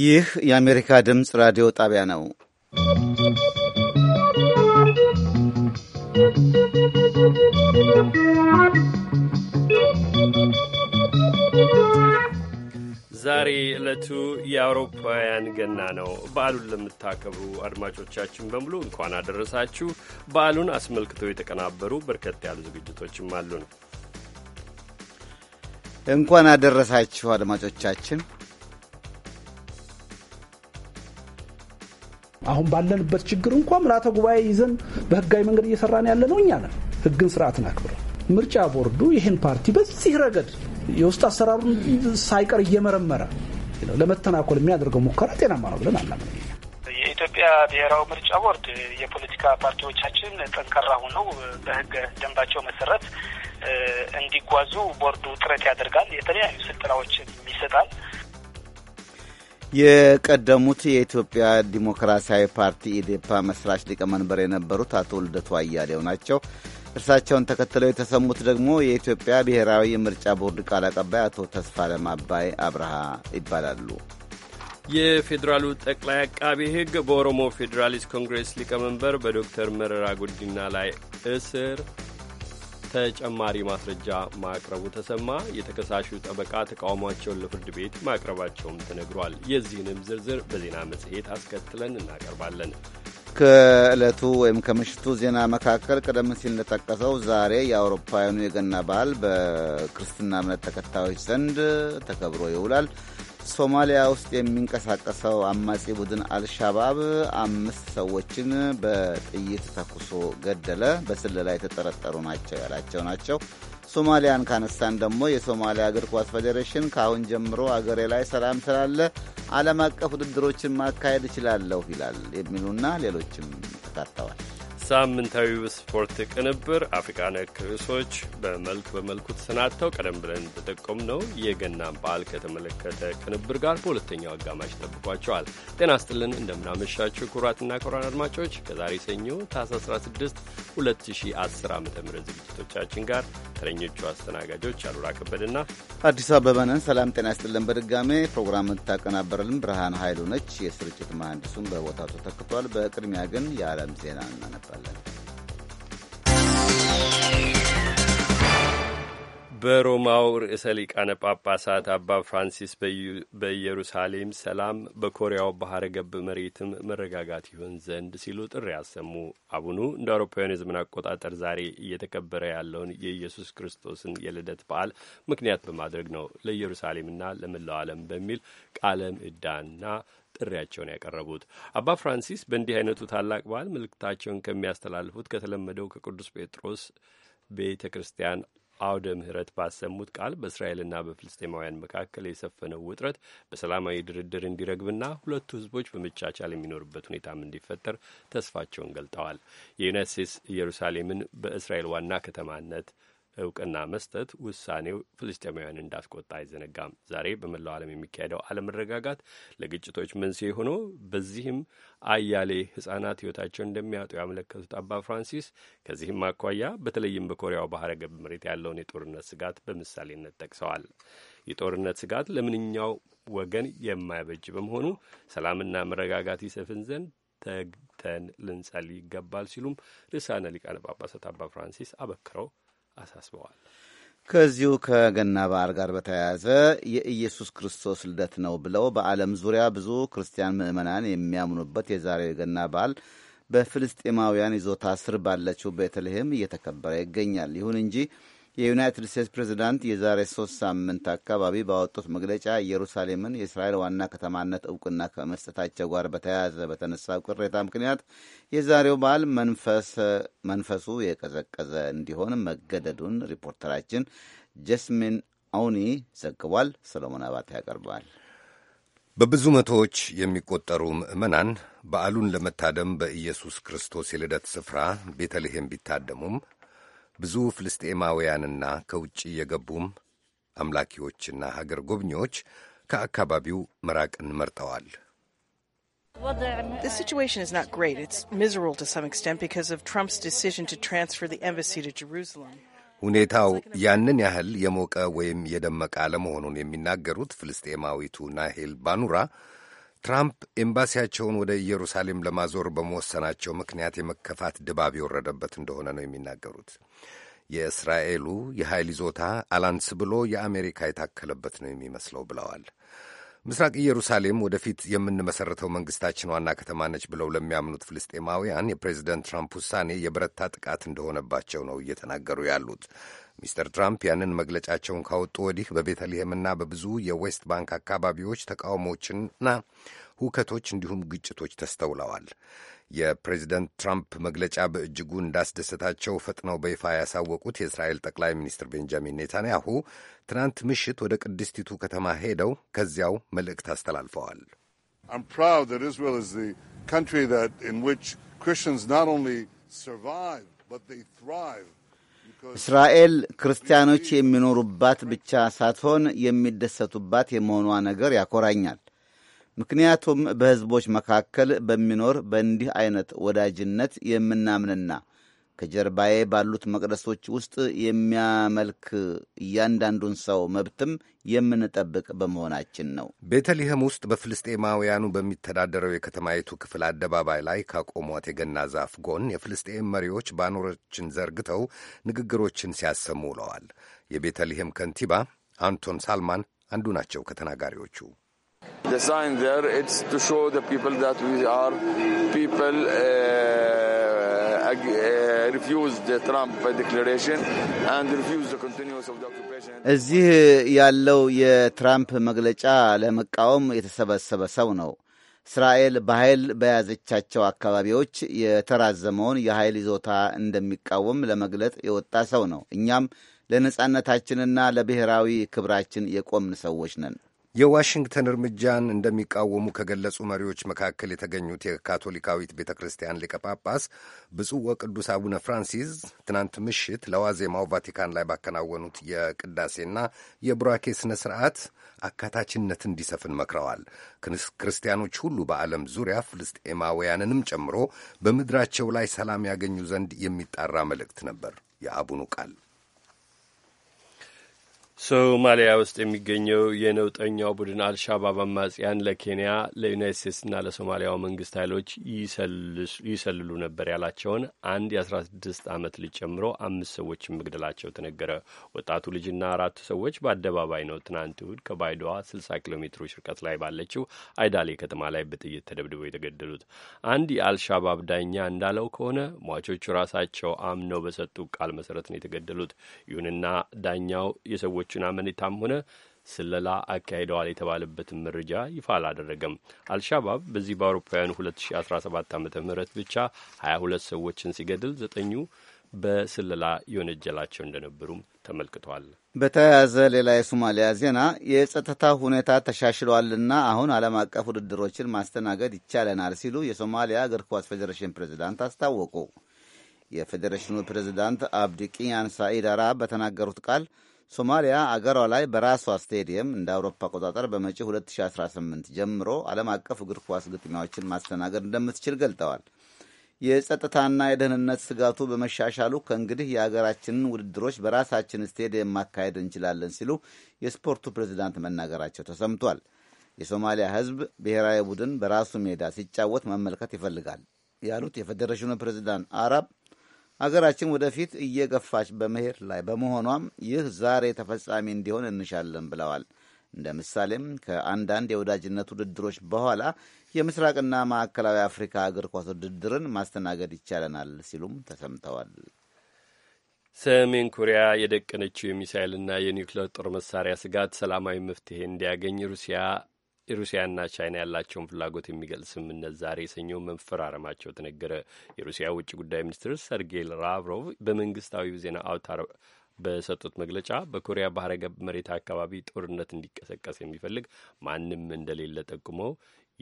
ይህ የአሜሪካ ድምፅ ራዲዮ ጣቢያ ነው። ዛሬ ዕለቱ የአውሮፓውያን ገና ነው። በዓሉን ለምታከብሩ አድማጮቻችን በሙሉ እንኳን አደረሳችሁ። በዓሉን አስመልክቶ የተቀናበሩ በርከት ያሉ ዝግጅቶችም አሉን። እንኳን አደረሳችሁ አድማጮቻችን። አሁን ባለንበት ችግር እንኳ ምልዓተ ጉባኤ ይዘን በህጋዊ መንገድ እየሰራን ያለ ነው። እኛ ነን ህግን ስርዓትን አክብረ ምርጫ ቦርዱ ይህን ፓርቲ በዚህ ረገድ የውስጥ አሰራሩን ሳይቀር እየመረመረ ለመተናኮል የሚያደርገው ሙከራ ጤናማ ነው ብለን አናምን። የኢትዮጵያ ብሔራዊ ምርጫ ቦርድ የፖለቲካ ፓርቲዎቻችን ጠንካራ ሆነው በህገ ደንባቸው መሰረት እንዲጓዙ ቦርዱ ጥረት ያደርጋል። የተለያዩ ስልጠናዎችን ይሰጣል። የቀደሙት የኢትዮጵያ ዲሞክራሲያዊ ፓርቲ ኢዴፓ መስራች ሊቀመንበር የነበሩት አቶ ልደቱ አያሌው ናቸው። እርሳቸውን ተከትለው የተሰሙት ደግሞ የኢትዮጵያ ብሔራዊ የምርጫ ቦርድ ቃል አቀባይ አቶ ተስፋለም አባይ አብርሃ ይባላሉ። የፌዴራሉ ጠቅላይ አቃቢ ሕግ በኦሮሞ ፌዴራሊስት ኮንግሬስ ሊቀመንበር በዶክተር መረራ ጉዲና ላይ እስር ተጨማሪ ማስረጃ ማቅረቡ ተሰማ። የተከሳሹ ጠበቃ ተቃውሟቸውን ለፍርድ ቤት ማቅረባቸውም ተነግሯል። የዚህንም ዝርዝር በዜና መጽሔት አስከትለን እናቀርባለን። ከዕለቱ ወይም ከምሽቱ ዜና መካከል ቀደም ሲል እንደጠቀሰው ዛሬ የአውሮፓውያኑ የገና በዓል በክርስትና እምነት ተከታዮች ዘንድ ተከብሮ ይውላል። ሶማሊያ ውስጥ የሚንቀሳቀሰው አማጺ ቡድን አልሻባብ አምስት ሰዎችን በጥይት ተኩሶ ገደለ። በስለላ የተጠረጠሩ ናቸው ያላቸው ናቸው። ሶማሊያን ካነሳን ደግሞ የሶማሊያ እግር ኳስ ፌዴሬሽን ከአሁን ጀምሮ አገሬ ላይ ሰላም ስላለ ዓለም አቀፍ ውድድሮችን ማካሄድ እችላለሁ ይላል የሚሉና ሌሎችም ተካተዋል። ሳምንታዊ ስፖርት ቅንብር አፍሪካ ነክ ርዕሶች በመልክ በመልኩ ተሰናድተው ቀደም ብለን በጠቆም ነው የገናን በዓል ከተመለከተ ቅንብር ጋር በሁለተኛው አጋማሽ ጠብቋቸዋል። ጤና ስጥልን እንደምናመሻችሁ ክቡራትና ክቡራን አድማጮች ከዛሬ ሰኞ ታህሳስ 16 2010 ዓ ም ዝግጅቶቻችን ጋር ተረኞቹ አስተናጋጆች አሉላ ከበድና አዲስ አበባ ነን። ሰላም ጤና ስጥልን። በድጋሜ ፕሮግራም የምታቀናበረልን ብርሃን ኃይሉ ነች። የስርጭት መሐንዲሱን በቦታቱ ተክቷል። በቅድሚያ ግን የዓለም ዜና እናነበ እንገልጻለን። በሮማው ርዕሰ ሊቃነ ጳጳሳት አባ ፍራንሲስ በኢየሩሳሌም ሰላም በኮሪያው ባህረ ገብ መሬትም መረጋጋት ይሆን ዘንድ ሲሉ ጥሪ አሰሙ። አቡኑ እንደ አውሮፓውያን የዘመን አቆጣጠር ዛሬ እየተከበረ ያለውን የኢየሱስ ክርስቶስን የልደት በዓል ምክንያት በማድረግ ነው። ለኢየሩሳሌምና ለመላው ዓለም በሚል ቃለ ምዕዳንና ጥሪያቸውን ያቀረቡት አባ ፍራንሲስ በእንዲህ አይነቱ ታላቅ በዓል መልእክታቸውን ከሚያስተላልፉት ከተለመደው ከቅዱስ ጴጥሮስ ቤተ ክርስቲያን አውደ ምሕረት ባሰሙት ቃል በእስራኤልና በፍልስጤማውያን መካከል የሰፈነው ውጥረት በሰላማዊ ድርድር እንዲረግብና ሁለቱ ሕዝቦች በመቻቻል የሚኖርበት ሁኔታም እንዲፈጠር ተስፋቸውን ገልጠዋል። የዩናይት ስቴትስ ኢየሩሳሌምን በእስራኤል ዋና ከተማነት እውቅና መስጠት ውሳኔው ፍልስጤማውያን እንዳስቆጣ አይዘነጋም። ዛሬ በመላው ዓለም የሚካሄደው አለመረጋጋት ለግጭቶች መንስኤ ሆኖ በዚህም አያሌ ሕጻናት ሕይወታቸውን እንደሚያጡ ያመለከቱት አባ ፍራንሲስ ከዚህም አኳያ በተለይም በኮሪያው ባህረ ገብ መሬት ያለውን የጦርነት ስጋት በምሳሌነት ጠቅሰዋል። የጦርነት ስጋት ለምንኛው ወገን የማይበጅ በመሆኑ ሰላምና መረጋጋት ይሰፍን ዘንድ ተግተን ልንጸል ይገባል ሲሉም ርዕሳነ ሊቃነ ጳጳሳት አባ ፍራንሲስ አበክረው አሳስበዋል። ከዚሁ ከገና በዓል ጋር በተያያዘ የኢየሱስ ክርስቶስ ልደት ነው ብለው በዓለም ዙሪያ ብዙ ክርስቲያን ምዕመናን የሚያምኑበት የዛሬው የገና በዓል በፍልስጤማውያን ይዞታ ስር ባለችው ቤተልሔም እየተከበረ ይገኛል። ይሁን እንጂ የዩናይትድ ስቴትስ ፕሬዚዳንት የዛሬ ሶስት ሳምንት አካባቢ ባወጡት መግለጫ ኢየሩሳሌምን የእስራኤል ዋና ከተማነት እውቅና ከመስጠታቸው ጋር በተያያዘ በተነሳ ቅሬታ ምክንያት የዛሬው በዓል መንፈሱ የቀዘቀዘ እንዲሆን መገደዱን ሪፖርተራችን ጀስሚን አውኒ ዘግቧል። ሰሎሞን አባቴ ያቀርባል በብዙ መቶዎች የሚቆጠሩ ምዕመናን በዓሉን ለመታደም በኢየሱስ ክርስቶስ የልደት ስፍራ ቤተልሔም ቢታደሙም ብዙ ፍልስጤማውያንና ከውጭ የገቡም አምላኪዎችና ሀገር ጎብኚዎች ከአካባቢው መራቅን መርጠዋል። The situation is not great. It's miserable to some extent because of Trump's decision to transfer the embassy to Jerusalem. ሁኔታው ያንን ያህል የሞቀ ወይም የደመቀ አለመሆኑን የሚናገሩት ፍልስጤማዊቱ ናሄል ባኑራ ትራምፕ ኤምባሲያቸውን ወደ ኢየሩሳሌም ለማዞር በመወሰናቸው ምክንያት የመከፋት ድባብ የወረደበት እንደሆነ ነው የሚናገሩት። የእስራኤሉ የኃይል ይዞታ አላንስ ብሎ የአሜሪካ የታከለበት ነው የሚመስለው ብለዋል። ምስራቅ ኢየሩሳሌም ወደፊት የምንመሠረተው መንግሥታችን ዋና ከተማ ነች ብለው ለሚያምኑት ፍልስጤማውያን የፕሬዚደንት ትራምፕ ውሳኔ የበረታ ጥቃት እንደሆነባቸው ነው እየተናገሩ ያሉት። ሚስተር ትራምፕ ያንን መግለጫቸውን ካወጡ ወዲህ በቤተልሔምና በብዙ የዌስት ባንክ አካባቢዎች ተቃውሞችና ሁከቶች እንዲሁም ግጭቶች ተስተውለዋል። የፕሬዚደንት ትራምፕ መግለጫ በእጅጉ እንዳስደሰታቸው ፈጥነው በይፋ ያሳወቁት የእስራኤል ጠቅላይ ሚኒስትር ቤንጃሚን ኔታንያሁ ትናንት ምሽት ወደ ቅድስቲቱ ከተማ ሄደው ከዚያው መልእክት አስተላልፈዋል። ን እስራኤል ክርስቲያኖች የሚኖሩባት ብቻ ሳትሆን የሚደሰቱባት የመሆኗ ነገር ያኮራኛል። ምክንያቱም በሕዝቦች መካከል በሚኖር በእንዲህ አይነት ወዳጅነት የምናምንና ከጀርባዬ ባሉት መቅደሶች ውስጥ የሚያመልክ እያንዳንዱን ሰው መብትም የምንጠብቅ በመሆናችን ነው። ቤተልሔም ውስጥ በፍልስጤማውያኑ በሚተዳደረው የከተማይቱ ክፍል አደባባይ ላይ ካቆሟት የገና ዛፍ ጎን የፍልስጤም መሪዎች ባኖሮችን ዘርግተው ንግግሮችን ሲያሰሙ ውለዋል። የቤተልሔም ከንቲባ አንቶን ሳልማን አንዱ ናቸው ከተናጋሪዎቹ። The sign there it's to show the people that we are people uh, uh, refuse the Trump declaration and refuse the continuous of the occupation. እዚህ ያለው የትራምፕ መግለጫ ለመቃወም የተሰበሰበ ሰው ነው። እስራኤል በኃይል በያዘቻቸው አካባቢዎች የተራዘመውን የኃይል ይዞታ እንደሚቃወም ለመግለጥ የወጣ ሰው ነው። እኛም ለነጻነታችንና ለብሔራዊ ክብራችን የቆምን ሰዎች ነን። የዋሽንግተን እርምጃን እንደሚቃወሙ ከገለጹ መሪዎች መካከል የተገኙት የካቶሊካዊት ቤተ ክርስቲያን ሊቀ ጳጳስ ብፁዕ ወቅዱስ አቡነ ፍራንሲስ ትናንት ምሽት ለዋዜማው ቫቲካን ላይ ባከናወኑት የቅዳሴና የቡራኬ ስነ ስርዓት አካታችነት እንዲሰፍን መክረዋል። ክርስቲያኖች ሁሉ በዓለም ዙሪያ ፍልስጤማውያንንም ጨምሮ በምድራቸው ላይ ሰላም ያገኙ ዘንድ የሚጣራ መልእክት ነበር የአቡኑ ቃል። ሶማሊያ ውስጥ የሚገኘው የነውጠኛው ቡድን አልሻባብ አማጽያን ለኬንያ ለዩናይት ስቴትስና ለሶማሊያው መንግስት ኃይሎች ይሰልሉ ነበር ያላቸውን አንድ የአስራ ስድስት ዓመት ልጅ ጨምሮ አምስት ሰዎች መግደላቸው ተነገረ። ወጣቱ ልጅና አራቱ ሰዎች በአደባባይ ነው ትናንት እሁድ ከባይዶዋ ስልሳ ኪሎ ሜትሮች ርቀት ላይ ባለችው አይዳሌ ከተማ ላይ በጥይት ተደብድበው የተገደሉት። አንድ የአልሻባብ ዳኛ እንዳለው ከሆነ ሟቾቹ ራሳቸው አምነው በሰጡ ቃል መሰረት ነው የተገደሉት። ይሁንና ዳኛው የሰዎቹን የሰዎችን አመኔታም ሆነ ስለላ አካሂደዋል የተባለበትን መረጃ ይፋ አላደረገም። አልሻባብ በዚህ በአውሮፓውያኑ 2017 ዓ ም ብቻ 22 ሰዎችን ሲገድል ዘጠኙ በስለላ የወነጀላቸው እንደነበሩም ተመልክቷል። በተያያዘ ሌላ የሶማሊያ ዜና የጸጥታ ሁኔታ ተሻሽሏልና አሁን ዓለም አቀፍ ውድድሮችን ማስተናገድ ይቻለናል ሲሉ የሶማሊያ እግር ኳስ ፌዴሬሽን ፕሬዚዳንት አስታወቁ። የፌዴሬሽኑ ፕሬዚዳንት አብዲ ቂያን ሳኢድ አራ በተናገሩት ቃል ሶማሊያ አገሯ ላይ በራሷ ስቴዲየም እንደ አውሮፓ አቆጣጠር በመጪው 2018 ጀምሮ ዓለም አቀፍ እግር ኳስ ግጥሚያዎችን ማስተናገድ እንደምትችል ገልጠዋል። የጸጥታና የደህንነት ስጋቱ በመሻሻሉ ከእንግዲህ የአገራችንን ውድድሮች በራሳችን ስቴዲየም ማካሄድ እንችላለን ሲሉ የስፖርቱ ፕሬዚዳንት መናገራቸው ተሰምቷል። የሶማሊያ ሕዝብ ብሔራዊ ቡድን በራሱ ሜዳ ሲጫወት መመልከት ይፈልጋል ያሉት የፌዴሬሽኑ ፕሬዚዳንት አራብ ሀገራችን ወደፊት እየገፋች በመሄድ ላይ በመሆኗም ይህ ዛሬ ተፈጻሚ እንዲሆን እንሻለን ብለዋል። እንደ ምሳሌም ከአንዳንድ የወዳጅነት ውድድሮች በኋላ የምስራቅና ማዕከላዊ አፍሪካ እግር ኳስ ውድድርን ማስተናገድ ይቻለናል ሲሉም ተሰምተዋል። ሰሜን ኮሪያ የደቀነችው የሚሳይልና የኒውክሌር ጦር መሳሪያ ስጋት ሰላማዊ መፍትሄ እንዲያገኝ ሩሲያ ሩሲያና ቻይና ያላቸውን ፍላጎት የሚገልጽ ስምምነት ዛሬ የሰኞ መፈራረማቸው ተነገረ። የሩሲያ ውጭ ጉዳይ ሚኒስትር ሰርጌይ ላቭሮቭ በመንግስታዊው ዜና አውታር በሰጡት መግለጫ በኮሪያ ባህረ ገብ መሬት አካባቢ ጦርነት እንዲቀሰቀስ የሚፈልግ ማንም እንደሌለ ጠቁመው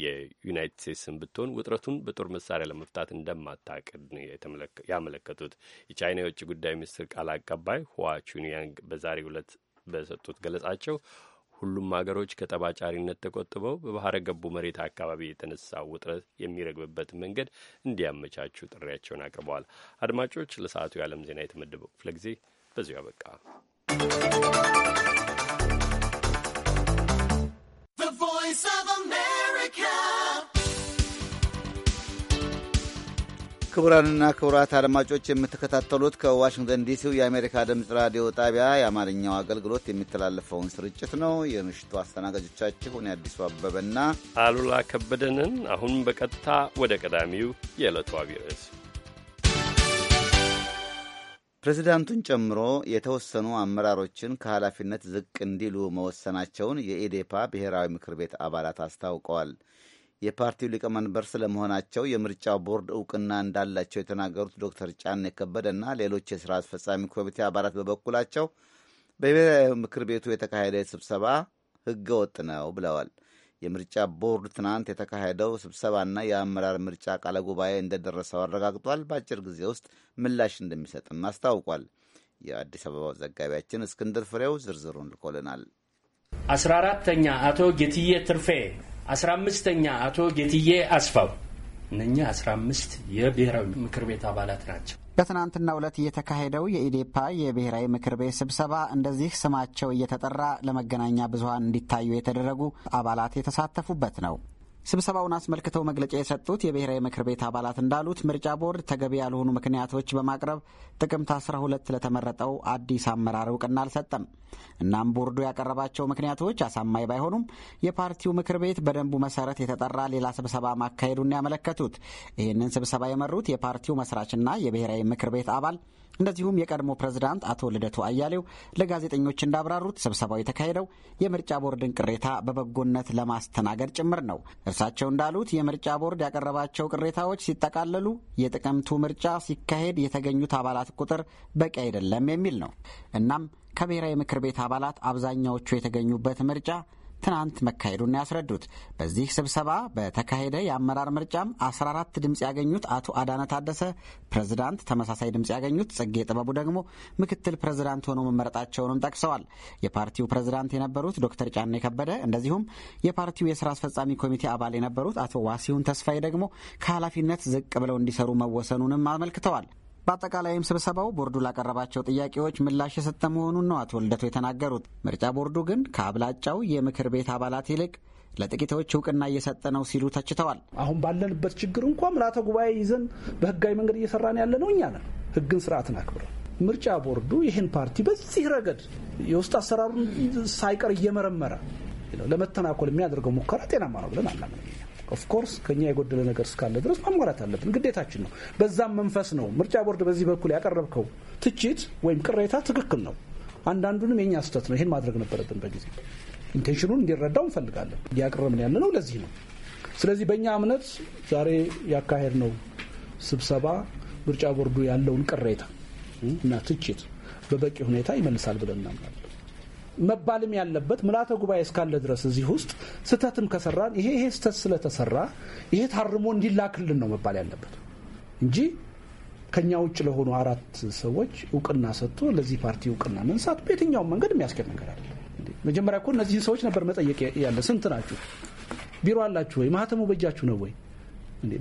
የዩናይትድ ስቴትስን ብትሆን ውጥረቱን በጦር መሳሪያ ለመፍታት እንደማታቅድ ያመለከቱት የቻይና የውጭ ጉዳይ ሚኒስትር ቃል አቀባይ ሁዋ ቹኒያንግ በዛሬው ዕለት በሰጡት ገለጻቸው ሁሉም አገሮች ከጠባጫሪነት ተቆጥበው በባህረ ገቡ መሬት አካባቢ የተነሳው ውጥረት የሚረግብበት መንገድ እንዲያመቻቹ ጥሪያቸውን አቅርበዋል። አድማጮች፣ ለሰዓቱ የዓለም ዜና የተመደበው ክፍለ ጊዜ በዚሁ አበቃ። ክቡራንና ክቡራት አድማጮች የምትከታተሉት ከዋሽንግተን ዲሲው የአሜሪካ ድምፅ ራዲዮ ጣቢያ የአማርኛው አገልግሎት የሚተላለፈውን ስርጭት ነው። የምሽቱ አስተናጋጆቻችሁ እኔ አዲሱ አበበና አሉላ ከበደንን። አሁን በቀጥታ ወደ ቀዳሚው የዕለቱ አብርስ ፕሬዚዳንቱን ጨምሮ የተወሰኑ አመራሮችን ከኃላፊነት ዝቅ እንዲሉ መወሰናቸውን የኢዴፓ ብሔራዊ ምክር ቤት አባላት አስታውቀዋል። የፓርቲው ሊቀመንበር ስለመሆናቸው የምርጫ ቦርድ እውቅና እንዳላቸው የተናገሩት ዶክተር ጫኔ ከበደና ሌሎች የሥራ አስፈጻሚ ኮሚቴ አባላት በበኩላቸው በብሔራዊ ምክር ቤቱ የተካሄደ ስብሰባ ሕገ ወጥ ነው ብለዋል። የምርጫ ቦርድ ትናንት የተካሄደው ስብሰባና የአመራር ምርጫ ቃለ ጉባኤ እንደደረሰው አረጋግጧል። በአጭር ጊዜ ውስጥ ምላሽ እንደሚሰጥም አስታውቋል። የአዲስ አበባው ዘጋቢያችን እስክንድር ፍሬው ዝርዝሩን ልኮልናል። አስራ አራተኛ አቶ ጌትዬ ትርፌ አስራ አምስተኛ አቶ ጌትዬ አስፋው እነኛ አስራ አምስት የብሔራዊ ምክር ቤት አባላት ናቸው። በትናንትናው ዕለት እየተካሄደው የኢዴፓ የብሔራዊ ምክር ቤት ስብሰባ እንደዚህ ስማቸው እየተጠራ ለመገናኛ ብዙኃን እንዲታዩ የተደረጉ አባላት የተሳተፉበት ነው። ስብሰባውን አስመልክተው መግለጫ የሰጡት የብሔራዊ ምክር ቤት አባላት እንዳሉት ምርጫ ቦርድ ተገቢ ያልሆኑ ምክንያቶች በማቅረብ ጥቅምት 12 ለተመረጠው አዲስ አመራር እውቅና አልሰጠም። እናም ቦርዱ ያቀረባቸው ምክንያቶች አሳማኝ ባይሆኑም የፓርቲው ምክር ቤት በደንቡ መሰረት የተጠራ ሌላ ስብሰባ ማካሄዱን ያመለከቱት ይህንን ስብሰባ የመሩት የፓርቲው መስራችና የብሔራዊ ምክር ቤት አባል እንደዚሁም የቀድሞ ፕሬዝዳንት አቶ ልደቱ አያሌው ለጋዜጠኞች እንዳብራሩት ስብሰባው የተካሄደው የምርጫ ቦርድን ቅሬታ በበጎነት ለማስተናገድ ጭምር ነው። እርሳቸው እንዳሉት የምርጫ ቦርድ ያቀረባቸው ቅሬታዎች ሲጠቃለሉ የጥቅምቱ ምርጫ ሲካሄድ የተገኙት አባላት ቁጥር በቂ አይደለም የሚል ነው። እናም ከብሔራዊ ምክር ቤት አባላት አብዛኛዎቹ የተገኙበት ምርጫ ትናንት መካሄዱን ያስረዱት። በዚህ ስብሰባ በተካሄደ የአመራር ምርጫም 14 ድምፅ ያገኙት አቶ አዳነ ታደሰ ፕሬዝዳንት፣ ተመሳሳይ ድምፅ ያገኙት ጽጌ ጥበቡ ደግሞ ምክትል ፕሬዝዳንት ሆነው መመረጣቸውንም ጠቅሰዋል። የፓርቲው ፕሬዝዳንት የነበሩት ዶክተር ጫኔ ከበደ እንደዚሁም የፓርቲው የስራ አስፈጻሚ ኮሚቴ አባል የነበሩት አቶ ዋሲሁን ተስፋዬ ደግሞ ከኃላፊነት ዝቅ ብለው እንዲሰሩ መወሰኑንም አመልክተዋል። በአጠቃላይም ስብሰባው ቦርዱ ላቀረባቸው ጥያቄዎች ምላሽ የሰጠ መሆኑን ነው አቶ ልደቱ የተናገሩት። ምርጫ ቦርዱ ግን ከአብላጫው የምክር ቤት አባላት ይልቅ ለጥቂቶች እውቅና እየሰጠ ነው ሲሉ ተችተዋል። አሁን ባለንበት ችግር እንኳ ምልአተ ጉባኤ ይዘን በህጋዊ መንገድ እየሰራን ያለ ነው እኛ ነን። ህግን ስርዓትን አክብረ ምርጫ ቦርዱ ይህን ፓርቲ በዚህ ረገድ የውስጥ አሰራሩን ሳይቀር እየመረመረ ለመተናኮል የሚያደርገው ሙከራ ጤናማ ነው ብለን አናምንም። ኦፍኮርስ ከኛ የጎደለ ነገር እስካለ ድረስ ማሟላት አለብን፣ ግዴታችን ነው። በዛም መንፈስ ነው ምርጫ ቦርድ በዚህ በኩል ያቀረብከው ትችት ወይም ቅሬታ ትክክል ነው። አንዳንዱንም የኛ ስህተት ነው፣ ይህን ማድረግ ነበረብን በጊዜ ኢንቴንሽኑን እንዲረዳው እንፈልጋለን። እያቀረብን ያለ ነው ለዚህ ነው። ስለዚህ በእኛ እምነት ዛሬ ያካሄድ ነው ስብሰባ ምርጫ ቦርዱ ያለውን ቅሬታ እና ትችት በበቂ ሁኔታ ይመልሳል ብለን እናምናለን። መባልም ያለበት ምልአተ ጉባኤ እስካለ ድረስ እዚህ ውስጥ ስህተትም ከሰራን ይሄ ይሄ ስህተት ስለተሰራ ይሄ ታርሞ እንዲላክልን ነው መባል ያለበት እንጂ ከኛ ውጭ ለሆኑ አራት ሰዎች እውቅና ሰጥቶ ለዚህ ፓርቲ እውቅና መንሳት በየትኛውም መንገድ የሚያስኬድ ነገር አለ። መጀመሪያ እኮ እነዚህን ሰዎች ነበር መጠየቅ ያለ። ስንት ናችሁ? ቢሮ አላችሁ ወይ? ማህተሙ በእጃችሁ ነው ወይ?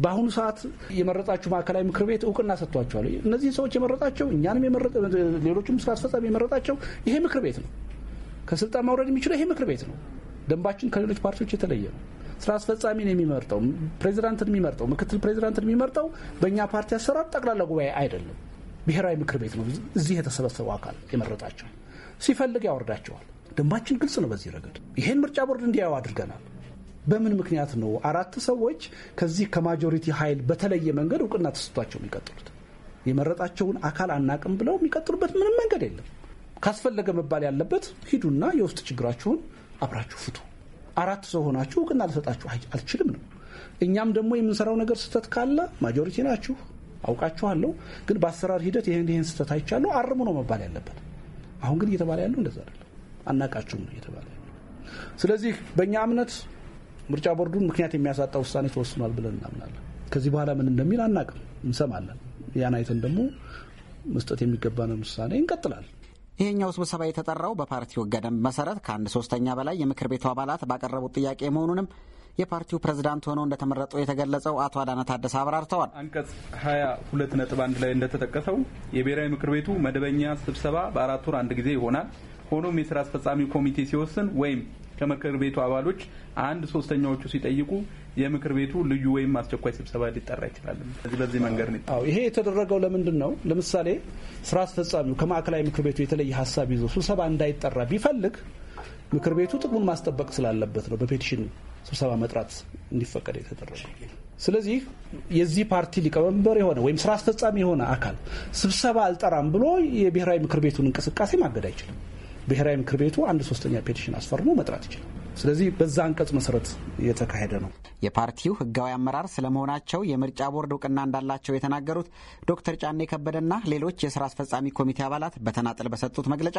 በአሁኑ ሰዓት የመረጣችሁ ማዕከላዊ ምክር ቤት እውቅና ሰጥቷችኋል። እነዚህን ሰዎች የመረጣቸው እኛንም ሌሎችም ስራ አስፈጻሚ የመረጣቸው ይሄ ምክር ቤት ነው። ከስልጣን ማውረድ የሚችለው ይሄ ምክር ቤት ነው። ደንባችን ከሌሎች ፓርቲዎች የተለየ ነው። ስራ አስፈጻሚን የሚመርጠው ፕሬዚዳንትን የሚመርጠው ምክትል ፕሬዚዳንትን የሚመርጠው በእኛ ፓርቲ አሰራር ጠቅላላ ጉባኤ አይደለም፣ ብሔራዊ ምክር ቤት ነው። እዚህ የተሰበሰበው አካል የመረጣቸው ሲፈልግ ያወርዳቸዋል። ደንባችን ግልጽ ነው በዚህ ረገድ። ይሄን ምርጫ ቦርድ እንዲያዩ አድርገናል። በምን ምክንያት ነው አራት ሰዎች ከዚህ ከማጆሪቲ ኃይል በተለየ መንገድ እውቅና ተሰጥቷቸው የሚቀጥሉት? የመረጣቸውን አካል አናቅም ብለው የሚቀጥሉበት ምንም መንገድ የለም። ካስፈለገ መባል ያለበት ሂዱና የውስጥ ችግራችሁን አብራችሁ ፍቱ። አራት ሰው ሆናችሁ እውቅና ልሰጣችሁ አልችልም ነው። እኛም ደግሞ የምንሰራው ነገር ስህተት ካለ ማጆሪቲ ናችሁ አውቃችኋለሁ፣ ግን በአሰራር ሂደት ይህን ይህን ስህተት አይቻለሁ አርሙ ነው መባል ያለበት። አሁን ግን እየተባለ ያለው እንደዛ አይደለም። አናቃችሁም ነው እየተባለ ያለው። ስለዚህ በእኛ እምነት ምርጫ ቦርዱን ምክንያት የሚያሳጣ ውሳኔ ተወስኗል ብለን እናምናለን። ከዚህ በኋላ ምን እንደሚል አናቅም፣ እንሰማለን። ያን አይተን ደግሞ መስጠት የሚገባንን ውሳኔ እንቀጥላለን። ይህኛው ስብሰባ የተጠራው በፓርቲው ህገ ደንብ መሰረት ከአንድ ሶስተኛ በላይ የምክር ቤቱ አባላት ባቀረቡት ጥያቄ መሆኑንም የፓርቲው ፕሬዝዳንት ሆነው እንደተመረጡ የተገለጸው አቶ አዳነ ታደሰ አብራርተዋል። አንቀጽ ሀያ ሁለት ነጥብ አንድ ላይ እንደተጠቀሰው የብሔራዊ ምክር ቤቱ መደበኛ ስብሰባ በአራት ወር አንድ ጊዜ ይሆናል። ሆኖም የስራ አስፈጻሚ ኮሚቴ ሲወስን ወይም ከምክር ቤቱ አባሎች አንድ ሶስተኛዎቹ ሲጠይቁ የምክር ቤቱ ልዩ ወይም አስቸኳይ ስብሰባ ሊጠራ ይችላል። በዚህ መንገድ ነው ይሄ የተደረገው። ለምንድን ነው ለምሳሌ ስራ አስፈጻሚው ከማዕከላዊ ምክር ቤቱ የተለየ ሀሳብ ይዞ ስብሰባ እንዳይጠራ ቢፈልግ ምክር ቤቱ ጥቅሙን ማስጠበቅ ስላለበት ነው በፔቲሽን ስብሰባ መጥራት እንዲፈቀድ የተደረገው። ስለዚህ የዚህ ፓርቲ ሊቀመንበር የሆነ ወይም ስራ አስፈጻሚ የሆነ አካል ስብሰባ አልጠራም ብሎ የብሔራዊ ምክር ቤቱን እንቅስቃሴ ማገድ አይችልም። ብሔራዊ ምክር ቤቱ አንድ ሶስተኛ ፔቲሽን አስፈርሞ መጥራት ይችላል። ስለዚህ በዛ አንቀጽ መሰረት እየተካሄደ ነው። የፓርቲው ህጋዊ አመራር ስለመሆናቸው የምርጫ ቦርድ እውቅና እንዳላቸው የተናገሩት ዶክተር ጫኔ ከበደና ሌሎች የስራ አስፈጻሚ ኮሚቴ አባላት በተናጠል በሰጡት መግለጫ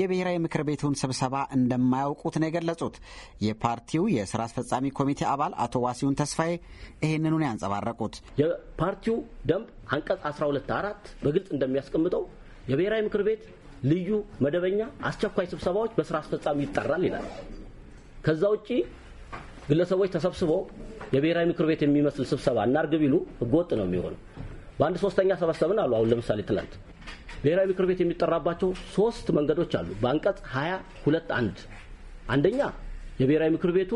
የብሔራዊ ምክር ቤቱን ስብሰባ እንደማያውቁት ነው የገለጹት። የፓርቲው የስራ አስፈጻሚ ኮሚቴ አባል አቶ ዋሲሁን ተስፋዬ ይህንኑን ያንጸባረቁት የፓርቲው ደንብ አንቀጽ 12 አራት በግልጽ እንደሚያስቀምጠው የብሔራዊ ምክር ቤት ልዩ መደበኛ አስቸኳይ ስብሰባዎች በስራ አስፈጻሚ ይጠራል ይላል። ከዛ ውጪ ግለሰቦች ተሰብስቦ የብሔራዊ ምክር ቤት የሚመስል ስብሰባ እናርግ ቢሉ ህገወጥ ነው የሚሆነው። በአንድ ሶስተኛ ሰበሰብን አሉ። አሁን ለምሳሌ ትናንት ብሔራዊ ምክር ቤት የሚጠራባቸው ሶስት መንገዶች አሉ። በአንቀጽ ሀያ ሁለት አንድ አንደኛ የብሔራዊ ምክር ቤቱ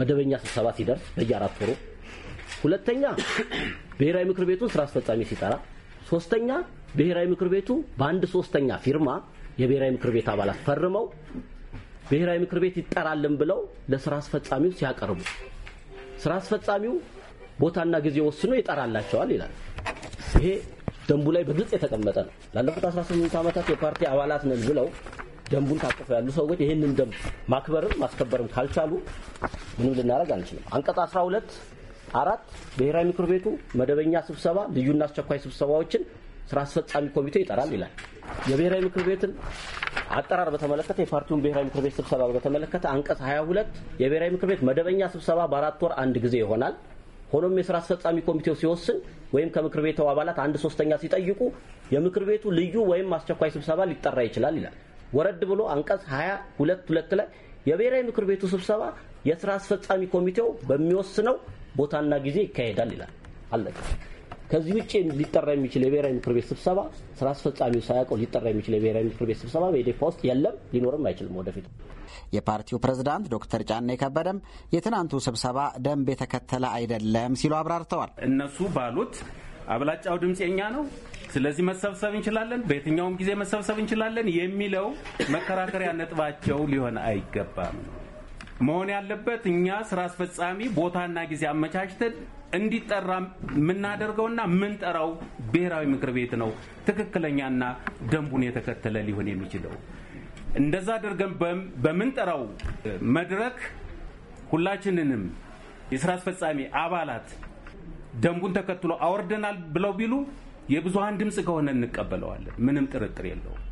መደበኛ ስብሰባ ሲደርስ በየአራት ወሩ፣ ሁለተኛ ብሔራዊ ምክር ቤቱን ስራ አስፈጻሚ ሲጠራ፣ ሶስተኛ ብሔራዊ ምክር ቤቱ በአንድ ሶስተኛ ፊርማ የብሔራዊ ምክር ቤት አባላት ፈርመው ብሔራዊ ምክር ቤት ይጠራልን ብለው ለስራ አስፈጻሚው ሲያቀርቡ ስራ አስፈጻሚው ቦታና ጊዜ ወስኖ ይጠራላቸዋል ይላል። ይሄ ደንቡ ላይ በግልጽ የተቀመጠ ነው። ላለፉት 18 ዓመታት የፓርቲ አባላት ነን ብለው ደንቡን ታቅፈው ያሉ ሰዎች ይህንን ደንብ ማክበርም ማስከበርም ካልቻሉ ምንም ልናደርግ አንችልም። አንቀጽ 12 አራት ብሔራዊ ምክር ቤቱ መደበኛ ስብሰባ፣ ልዩና አስቸኳይ ስብሰባዎችን ስራ አስፈጻሚ ኮሚቴ ይጠራል ይላል። የብሔራዊ ምክር ቤትን አጠራር በተመለከተ የፓርቲውን ብሔራዊ ምክር ቤት ስብሰባ በተመለከተ አንቀጽ 22 የብሔራዊ ምክር ቤት መደበኛ ስብሰባ በአራት ወር አንድ ጊዜ ይሆናል። ሆኖም የስራ አስፈጻሚ ኮሚቴው ሲወስን ወይም ከምክር ቤቱ አባላት አንድ ሶስተኛ ሲጠይቁ የምክር ቤቱ ልዩ ወይም አስቸኳይ ስብሰባ ሊጠራ ይችላል ይላል። ወረድ ብሎ አንቀጽ 22 ሁለት ላይ የብሔራዊ ምክር ቤቱ ስብሰባ የስራ አስፈጻሚ ኮሚቴው በሚወስነው ቦታና ጊዜ ይካሄዳል ይላል። አለቀ። ከዚህ ውጭ ሊጠራ የሚችል የብሔራዊ ምክር ቤት ስብሰባ ስራ አስፈጻሚው ሳያውቀው ሊጠራ የሚችል የብሔራዊ ምክር ቤት ስብሰባ በኢዴፓ ውስጥ የለም፣ ሊኖርም አይችልም ወደፊት። የፓርቲው ፕሬዝዳንት ዶክተር ጫኔ ከበደም የትናንቱ ስብሰባ ደንብ የተከተለ አይደለም ሲሉ አብራርተዋል። እነሱ ባሉት አብላጫው ድምፅ የኛ ነው፣ ስለዚህ መሰብሰብ እንችላለን፣ በየትኛውም ጊዜ መሰብሰብ እንችላለን የሚለው መከራከሪያ ነጥባቸው ሊሆን አይገባም። መሆን ያለበት እኛ ስራ አስፈጻሚ ቦታና ጊዜ አመቻችተን እንዲጠራ የምናደርገውና የምንጠራው ብሔራዊ ምክር ቤት ነው ትክክለኛና ደንቡን የተከተለ ሊሆን የሚችለው። እንደዛ አድርገን በምንጠራው መድረክ ሁላችንንም የስራ አስፈጻሚ አባላት ደንቡን ተከትሎ አወርደናል ብለው ቢሉ የብዙሀን ድምፅ ከሆነ እንቀበለዋለን። ምንም ጥርጥር የለውም።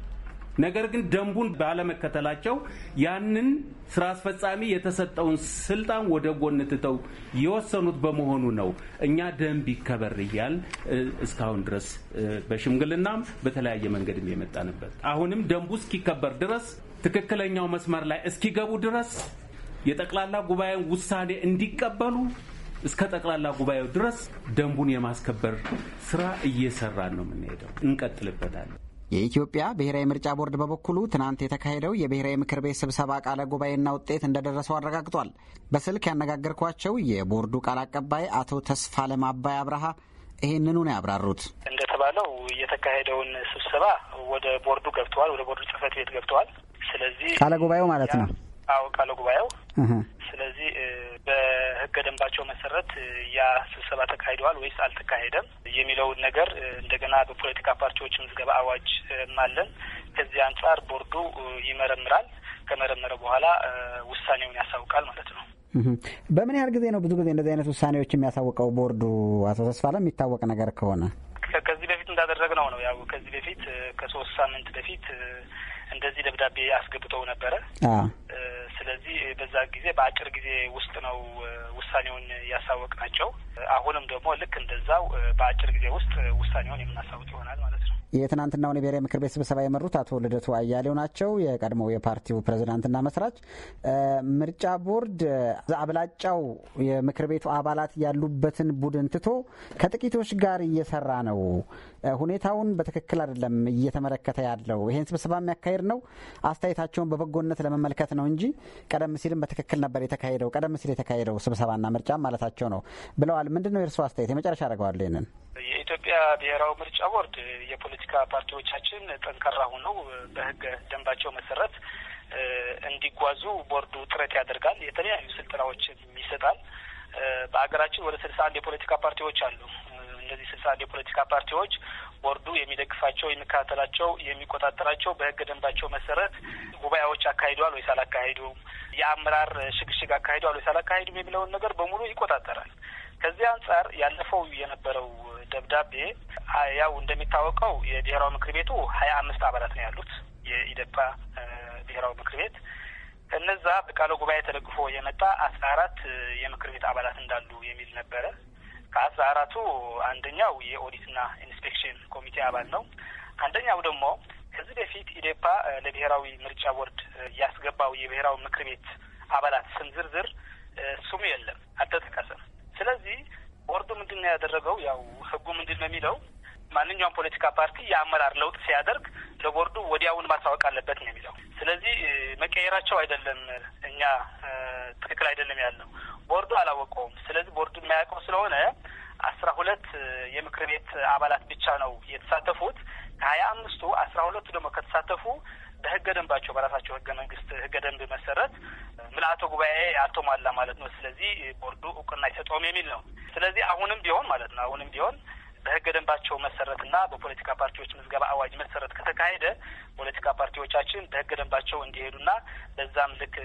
ነገር ግን ደንቡን ባለመከተላቸው ያንን ስራ አስፈጻሚ የተሰጠውን ስልጣን ወደ ጎን ትተው የወሰኑት በመሆኑ ነው እኛ ደንብ ይከበር እያል እስካሁን ድረስ በሽምግልናም በተለያየ መንገድም የመጣንበት አሁንም ደንቡ እስኪከበር ድረስ ትክክለኛው መስመር ላይ እስኪገቡ ድረስ የጠቅላላ ጉባኤን ውሳኔ እንዲቀበሉ እስከ ጠቅላላ ጉባኤው ድረስ ደንቡን የማስከበር ስራ እየሰራን ነው የምንሄደው። እንቀጥልበታለን። የኢትዮጵያ ብሔራዊ ምርጫ ቦርድ በበኩሉ ትናንት የተካሄደው የብሔራዊ ምክር ቤት ስብሰባ ቃለ ጉባኤና ውጤት እንደደረሰው አረጋግጧል። በስልክ ያነጋገርኳቸው የቦርዱ ቃል አቀባይ አቶ ተስፋ ለማባይ አብርሃ ይህንኑ ነው ያብራሩት። እንደተባለው የተካሄደውን ስብሰባ ወደ ቦርዱ ገብተዋል፣ ወደ ቦርዱ ጽህፈት ቤት ገብተዋል። ስለዚህ ቃለ ጉባኤው ማለት ነው። አዎ ቃለ ጉባኤው ስለዚህ በህገ ደንባቸው መሰረት ያ ስብሰባ ተካሂደዋል ወይስ አልተካሄደም የሚለውን ነገር እንደገና በፖለቲካ ፓርቲዎች ምዝገባ አዋጅ ማለን ከዚህ አንጻር ቦርዱ ይመረምራል። ከመረመረ በኋላ ውሳኔውን ያሳውቃል ማለት ነው። በምን ያህል ጊዜ ነው? ብዙ ጊዜ እንደዚህ አይነት ውሳኔዎች የሚያሳውቀው ቦርዱ? አቶ ተስፋለም የሚታወቅ ነገር ከሆነ ከዚህ በፊት እንዳደረግነው ነው። ያው ከዚህ በፊት ከሶስት ሳምንት በፊት እንደዚህ ደብዳቤ አስገብተው ነበረ። ስለዚህ በዛ ጊዜ በአጭር ጊዜ ውስጥ ነው ውሳኔውን ያሳወቅ ናቸው። አሁንም ደግሞ ልክ እንደዛው በአጭር ጊዜ ውስጥ ውሳኔውን የምናሳውቅ ይሆናል ማለት ነው። የትናንትናውን የብሔራዊ ምክር ቤት ስብሰባ የመሩት አቶ ልደቱ አያሌው ናቸው። የቀድሞው የፓርቲው ፕሬዝዳንትና መስራች። ምርጫ ቦርድ አብላጫው የምክር ቤቱ አባላት ያሉበትን ቡድን ትቶ ከጥቂቶች ጋር እየሰራ ነው ሁኔታውን በትክክል አይደለም እየተመለከተ ያለው። ይህን ስብሰባ የሚያካሄድ ነው አስተያየታቸውን በበጎነት ለመመልከት ነው እንጂ ቀደም ሲልም በትክክል ነበር የተካሄደው፣ ቀደም ሲል የተካሄደው ስብሰባና ምርጫ ማለታቸው ነው ብለዋል። ምንድን ነው የእርስዎ አስተያየት? የመጨረሻ አደርገዋለሁ ይህንን የኢትዮጵያ ብሔራዊ ምርጫ ቦርድ የፖለቲካ ፓርቲዎቻችን ጠንካራ ሆነው በህገ ደንባቸው መሰረት እንዲጓዙ ቦርዱ ጥረት ያደርጋል። የተለያዩ ስልጠናዎችን ይሰጣል። በሀገራችን ወደ ስልሳ አንድ የፖለቲካ ፓርቲዎች አሉ። እነዚህ ስልሳ አንድ የፖለቲካ ፓርቲዎች ቦርዱ የሚደግፋቸው፣ የሚከታተላቸው፣ የሚቆጣጠራቸው በህገ ደንባቸው መሰረት ጉባኤዎች አካሂደዋል ወይስ አላካሂዱም፣ የአመራር ሽግሽግ አካሂደዋል ወይስ አላካሂዱም የሚለውን ነገር በሙሉ ይቆጣጠራል። ከዚህ አንጻር ያለፈው የነበረው ደብዳቤ ያው እንደሚታወቀው የብሔራዊ ምክር ቤቱ ሀያ አምስት አባላት ነው ያሉት የኢዴፓ ብሔራዊ ምክር ቤት ከነዛ በቃለ ጉባኤ ተደግፎ የመጣ አስራ አራት የምክር ቤት አባላት እንዳሉ የሚል ነበረ። ከአስራ አራቱ አንደኛው የኦዲትና ኢንስፔክሽን ኮሚቴ አባል ነው። አንደኛው ደግሞ ከዚህ በፊት ኢዴፓ ለብሔራዊ ምርጫ ቦርድ ያስገባው የብሔራዊ ምክር ቤት አባላት ስም ዝርዝር ስሙ የለም፣ አልተጠቀሰም። ስለዚህ ቦርዱ ምንድን ነው ያደረገው? ያው ህጉ ምንድን ነው የሚለው ማንኛውም ፖለቲካ ፓርቲ የአመራር ለውጥ ሲያደርግ ለቦርዱ ወዲያውን ማስታወቅ አለበት ነው የሚለው። ስለዚህ መቀየራቸው አይደለም እኛ ትክክል አይደለም ያለው ቦርዱ አላወቀውም። ስለዚህ ቦርዱ የማያውቀው ስለሆነ አስራ ሁለት የምክር ቤት አባላት ብቻ ነው የተሳተፉት። ከሀያ አምስቱ አስራ ሁለቱ ደግሞ ከተሳተፉ በህገ ደንባቸው በራሳቸው ህገ መንግስት ህገ ደንብ መሰረት ምልአተ ጉባኤ አልተሟላ ማለት ነው። ስለዚህ ቦርዱ እውቅና አይሰጠውም የሚል ነው። ስለዚህ አሁንም ቢሆን ማለት ነው አሁንም ቢሆን በህገ ደንባቸው መሰረትና በፖለቲካ ፓርቲዎች ምዝገባ አዋጅ መሰረት ከተካሄደ ፖለቲካ ፓርቲዎቻችን በህገ ደንባቸው እንዲሄዱና በዛም ልክ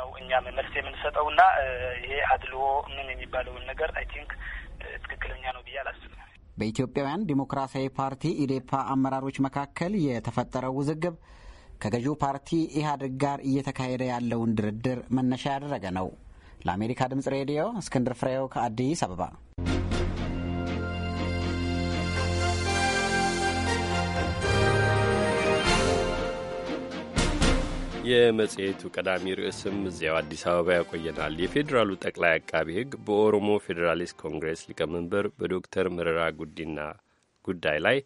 ነው እኛም መልስ የምንሰጠውና ይሄ አድልዎ ምን የሚባለውን ነገር አይ ቲንክ ትክክለኛ ነው ብዬ አላስብም። በኢትዮጵያውያን ዲሞክራሲያዊ ፓርቲ ኢዴፓ አመራሮች መካከል የተፈጠረው ውዝግብ ከገዢው ፓርቲ ኢህአዴግ ጋር እየተካሄደ ያለውን ድርድር መነሻ ያደረገ ነው። ለአሜሪካ ድምጽ ሬዲዮ እስክንድር ፍሬው ከአዲስ አበባ የመጽሔቱ ቀዳሚ ርዕስም እዚያው አዲስ አበባ ያቆየናል። የፌዴራሉ ጠቅላይ አቃቢ ሕግ በኦሮሞ ፌዴራሊስት ኮንግሬስ ሊቀመንበር በዶክተር መረራ ጉዲና ጉዳይ ላይ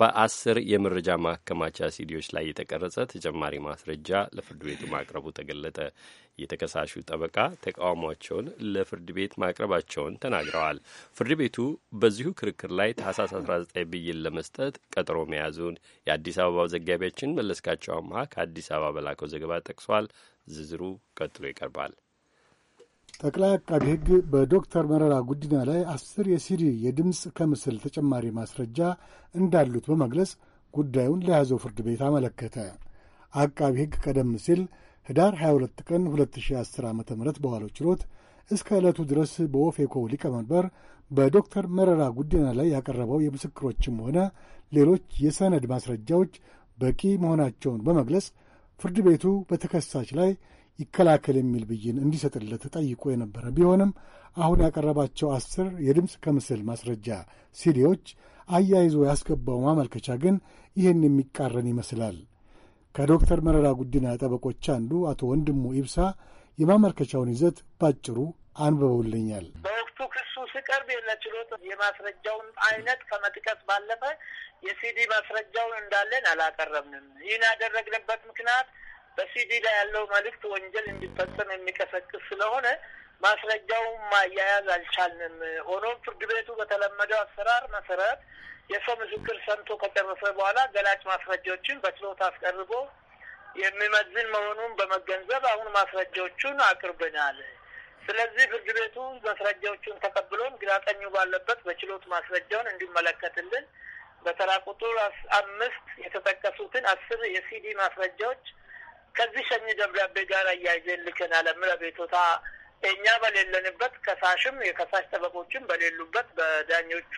በአስር የመረጃ ማከማቻ ሲዲዎች ላይ የተቀረጸ ተጨማሪ ማስረጃ ለፍርድ ቤቱ ማቅረቡ ተገለጠ። የተከሳሹ ጠበቃ ተቃውሟቸውን ለፍርድ ቤት ማቅረባቸውን ተናግረዋል። ፍርድ ቤቱ በዚሁ ክርክር ላይ ታህሳስ 19 ብይን ለመስጠት ቀጠሮ መያዙን የአዲስ አበባው ዘጋቢያችን መለስካቸው አምሃ ከአዲስ አበባ በላከው ዘገባ ጠቅሷል። ዝርዝሩ ቀጥሎ ይቀርባል። ጠቅላይ አቃቢ ሕግ በዶክተር መረራ ጉዲና ላይ አስር የሲዲ የድምፅ ከምስል ተጨማሪ ማስረጃ እንዳሉት በመግለጽ ጉዳዩን ለያዘው ፍርድ ቤት አመለከተ። አቃቢ ሕግ ቀደም ሲል ህዳር 22 ቀን 2010 ዓ ም በዋለው ችሎት እስከ ዕለቱ ድረስ በኦፌኮ ሊቀመንበር በዶክተር መረራ ጉዲና ላይ ያቀረበው የምስክሮችም ሆነ ሌሎች የሰነድ ማስረጃዎች በቂ መሆናቸውን በመግለጽ ፍርድ ቤቱ በተከሳች ላይ ይከላከል የሚል ብይን እንዲሰጥለት ጠይቆ የነበረ ቢሆንም አሁን ያቀረባቸው አስር የድምፅ ከምስል ማስረጃ ሲዲዎች አያይዞ ያስገባው ማመልከቻ ግን ይህን የሚቃረን ይመስላል። ከዶክተር መረራ ጉዲና ጠበቆች አንዱ አቶ ወንድሙ ኢብሳ የማመልከቻውን ይዘት ባጭሩ አንብበውልኛል። በወቅቱ ክሱ ሲቀርብ ለችሎት የማስረጃውን አይነት ከመጥቀስ ባለፈ የሲዲ ማስረጃውን እንዳለን አላቀረብንም። ይህን ያደረግንበት ምክንያት በሲዲ ላይ ያለው መልእክት ወንጀል እንዲፈጸም የሚቀሰቅስ ስለሆነ ማስረጃውን ማያያዝ አልቻልንም። ሆኖም ፍርድ ቤቱ በተለመደው አሰራር መሰረት የሰው ምስክር ሰምቶ ከጨረሰ በኋላ ገላጭ ማስረጃዎችን በችሎት አስቀርቦ የሚመዝን መሆኑን በመገንዘብ አሁን ማስረጃዎቹን አቅርበናል። ስለዚህ ፍርድ ቤቱ ማስረጃዎቹን ተቀብሎን ግራጠኙ ባለበት በችሎት ማስረጃውን እንዲመለከትልን በተራ ቁጥር አምስት የተጠቀሱትን አስር የሲዲ ማስረጃዎች ከዚህ ሸኝ ደብዳቤ ጋር አያይዘን ልከናል የሚል አቤቱታ እኛ በሌለንበት ከሳሽም የከሳሽ ጠበቆችም በሌሉበት በዳኞቹ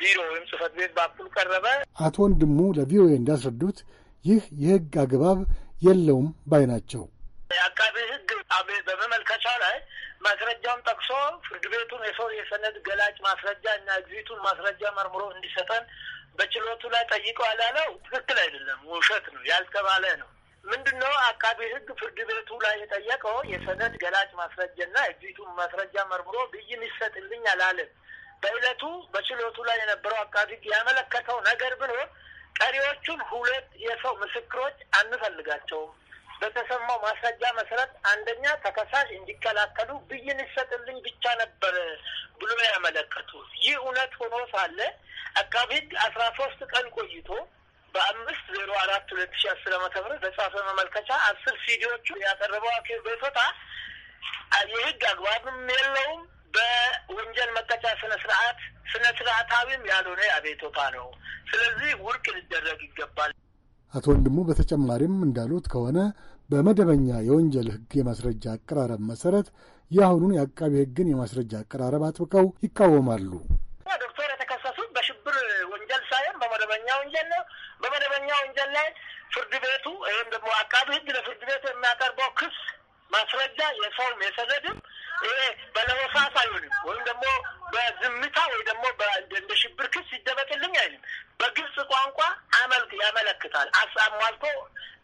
ቢሮ ወይም ጽህፈት ቤት በኩል ቀረበ። አቶ ወንድሙ ለቪኦኤ እንዳስረዱት ይህ የህግ አግባብ የለውም ባይ ናቸው። የአቃቢ ህግ በመመልከቻ ላይ ማስረጃውን ጠቅሶ ፍርድ ቤቱን የሰው የሰነድ ገላጭ ማስረጃ እና ኤግዚቱን ማስረጃ መርምሮ እንዲሰጠን በችሎቱ ላይ ጠይቀው አላለው ትክክል አይደለም፣ ውሸት ነው፣ ያልተባለ ነው። ምንድነው አቃቢ ህግ ፍርድ ቤቱ ላይ የጠየቀው የሰነድ ገላጭ ማስረጃና እጅቱን ማስረጃ መርምሮ ብይን ይሰጥልኝ አላለም። በእለቱ በችሎቱ ላይ የነበረው አቃቢ ህግ ያመለከተው ነገር ቢኖር ቀሪዎቹን ሁለት የሰው ምስክሮች አንፈልጋቸውም፣ በተሰማው ማስረጃ መሰረት አንደኛ ተከሳሽ እንዲከላከሉ ብይን ይሰጥልኝ ብቻ ነበር ብሎ ያመለከቱ። ይህ እውነት ሆኖ ሳለ አቃቢ ህግ አስራ ሶስት ቀን ቆይቶ በአምስት ዜሮ አራት ሁለት ሺ አስር ዓመተ ምህረት በጻፈ መመልከቻ አስር ሲዲዎቹ ያቀረበው አኬ ጎይቶታ የህግ አግባብም የለውም። በወንጀል መቀጫ ስነ ስርዓት ስነ ስርዓታዊም ያልሆነ አቤቶታ ነው። ስለዚህ ውድቅ ሊደረግ ይገባል። አቶ ወንድሙ በተጨማሪም እንዳሉት ከሆነ በመደበኛ የወንጀል ህግ የማስረጃ አቀራረብ መሰረት የአሁኑን የአቃቢ ህግን የማስረጃ አቀራረብ አጥብቀው ይቃወማሉ። ዶክተር የተከሰሱት በሽብር ወንጀል ሳይሆን በመደበኛ ወንጀል ነው። በመደበኛ ወንጀል ላይ ፍርድ ቤቱ ወይም ደግሞ አቃቢ ህግ ለፍርድ ቤቱ የሚያቀርበው ክስ ማስረጃ የሰውም የሰነድም ይሄ በለመፋት አይሆንም። ወይም ደግሞ በዝምታ ወይ ደግሞ እንደ ሽብር ክስ ይደበቅልኝ አይልም። በግልጽ ቋንቋ አመልክ ያመለክታል። አሟልቶ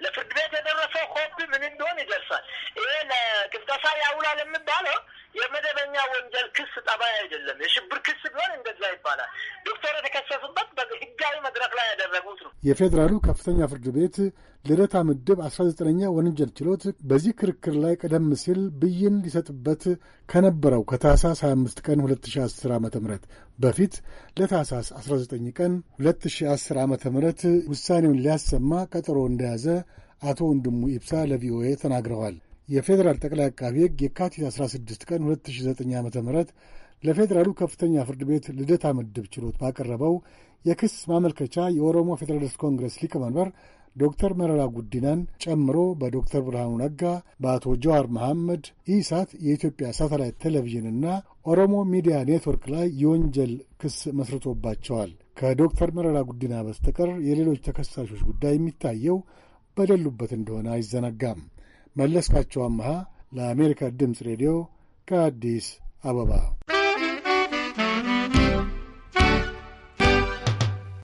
ለፍርድ ቤት የደረሰው ኮፒ ምን እንደሆን ይደርሳል። ይሄ ለቅስቀሳ ያውላል የምባለው የመደበኛ ወንጀል ክስ ጠባይ አይደለም። የሽብር ክስ ቢሆን እንደዛ ይባላል። ዶክተር የተከሰሱበት በህጋዊ መድረክ ላይ ያደረጉት ነው። የፌዴራሉ ከፍተኛ ፍርድ ቤት ልደታ ምድብ 19ኛ ወንጀል ችሎት በዚህ ክርክር ላይ ቀደም ሲል ብይን ሊሰጥበት ከነበረው ከታህሳስ 25 ቀን 2010 ዓ ም በፊት ለታህሳስ 19 ቀን 2010 ዓ ም ውሳኔውን ሊያሰማ ቀጠሮ እንደያዘ አቶ ወንድሙ ኢብሳ ለቪኦኤ ተናግረዋል። የፌዴራል ጠቅላይ አቃቢ ሕግ የካቲት 16 ቀን 2009 ዓ ም ለፌዴራሉ ከፍተኛ ፍርድ ቤት ልደታ ምድብ ችሎት ባቀረበው የክስ ማመልከቻ የኦሮሞ ፌዴራሊስት ኮንግረስ ሊቀመንበር ዶክተር መረራ ጉዲናን ጨምሮ በዶክተር ብርሃኑ ነጋ፣ በአቶ ጀዋር መሐመድ፣ ኢሳት የኢትዮጵያ ሳተላይት ቴሌቪዥንና ኦሮሞ ሚዲያ ኔትወርክ ላይ የወንጀል ክስ መስርቶባቸዋል። ከዶክተር መረራ ጉዲና በስተቀር የሌሎች ተከሳሾች ጉዳይ የሚታየው በሌሉበት እንደሆነ አይዘነጋም። መለስካቸው አመሃ ለአሜሪካ ድምፅ ሬዲዮ ከአዲስ አበባ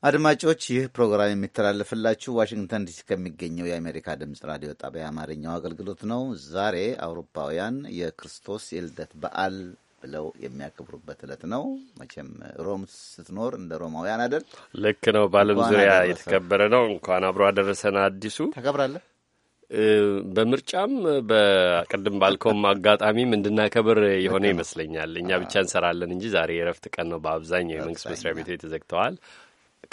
አድማጮች ይህ ፕሮግራም የሚተላለፍላችሁ ዋሽንግተን ዲሲ ከሚገኘው የአሜሪካ ድምፅ ራዲዮ ጣቢያ አማርኛው አገልግሎት ነው። ዛሬ አውሮፓውያን የክርስቶስ የልደት በዓል ብለው የሚያከብሩበት ዕለት ነው። መቼም ሮም ስትኖር እንደ ሮማውያን አደል? ልክ ነው። በዓለም ዙሪያ የተከበረ ነው። እንኳን አብሮ አደረሰን። አዲሱ ታከብራለህ? በምርጫም በቅድም ባልከውም አጋጣሚም እንድናከብር የሆነ ይመስለኛል። እኛ ብቻ እንሰራለን እንጂ ዛሬ የእረፍት ቀን ነው። በአብዛኛው የመንግስት መስሪያ ቤቶች ተዘግተዋል።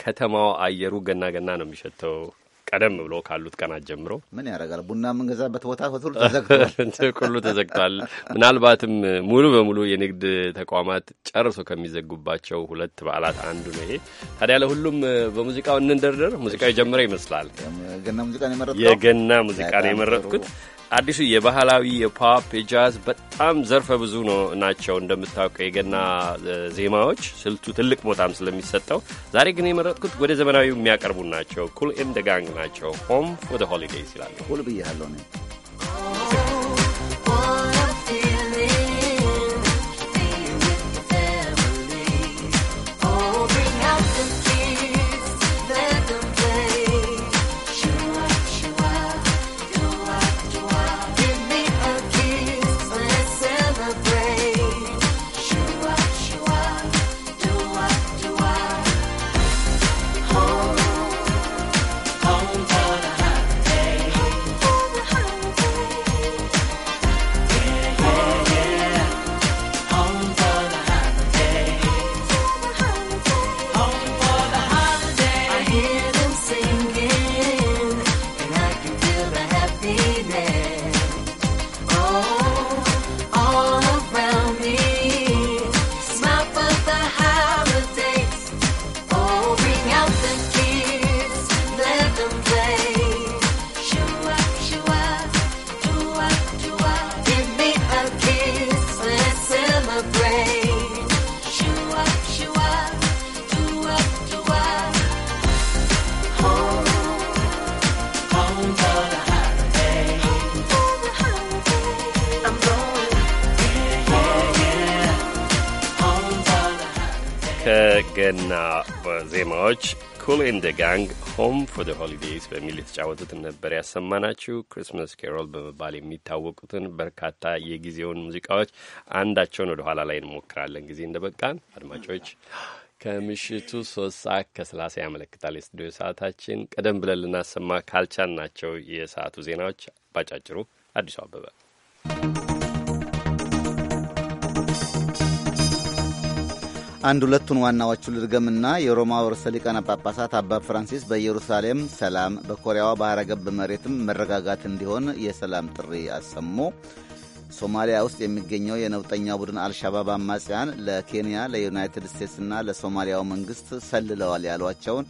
ከተማው አየሩ ገና ገና ነው የሚሸተው። ቀደም ብሎ ካሉት ቀናት ጀምሮ ምን ያደርጋል ቡና የምንገዛበት ቦታ ሁሉ ተዘግቷል። ምናልባትም ሙሉ በሙሉ የንግድ ተቋማት ጨርሶ ከሚዘጉባቸው ሁለት በዓላት አንዱ ነው ይሄ። ታዲያ ለሁሉም በሙዚቃው እንንደርደር። ሙዚቃ የጀመረ ይመስላል። የገና ሙዚቃ ነው የመረጥኩት። አዲሱ የባህላዊ የፖፕ የጃዝ በጣም ዘርፈ ብዙ ናቸው እንደምታውቀው የገና ዜማዎች ስልቱ ትልቅ ቦታም ስለሚሰጠው፣ ዛሬ ግን የመረጥኩት ወደ ዘመናዊ የሚያቀርቡ ናቸው። ኩል ኤንድ ጋንግ ናቸው። ሆም ወደ ሆሊዴይ ይላሉ። ኩል ብያለሁ። ደ ጋንግ ሆም ፎር ሆሊዴይስ በሚል የተጫወቱትን ነበር ያሰማናችሁ። ክሪስማስ ኬሮል በመባል የሚታወቁትን በርካታ የጊዜውን ሙዚቃዎች አንዳቸውን ወደ ኋላ ላይ እንሞክራለን። ጊዜ እንደ በቃን አድማጮች ከምሽቱ ሶስት ሰዓት ከሰላሳ ያመለክታል የስቱዲዮ ሰዓታችን። ቀደም ብለን ልናሰማ ካልቻን ናቸው የሰዓቱ ዜናዎች ባጫጭሩ። አዲሱ አበበ አንድ ሁለቱን ዋናዎቹ ልድገምና የሮማ ወርሰ ሊቃነ ጳጳሳት አባ ፍራንሲስ በኢየሩሳሌም ሰላም፣ በኮሪያዋ ባህረ ገብ መሬትም መረጋጋት እንዲሆን የሰላም ጥሪ አሰሙ። ሶማሊያ ውስጥ የሚገኘው የነውጠኛ ቡድን አልሻባብ አማጽያን ለኬንያ ለዩናይትድ ስቴትስና ለሶማሊያው መንግስት ሰልለዋል ያሏቸውን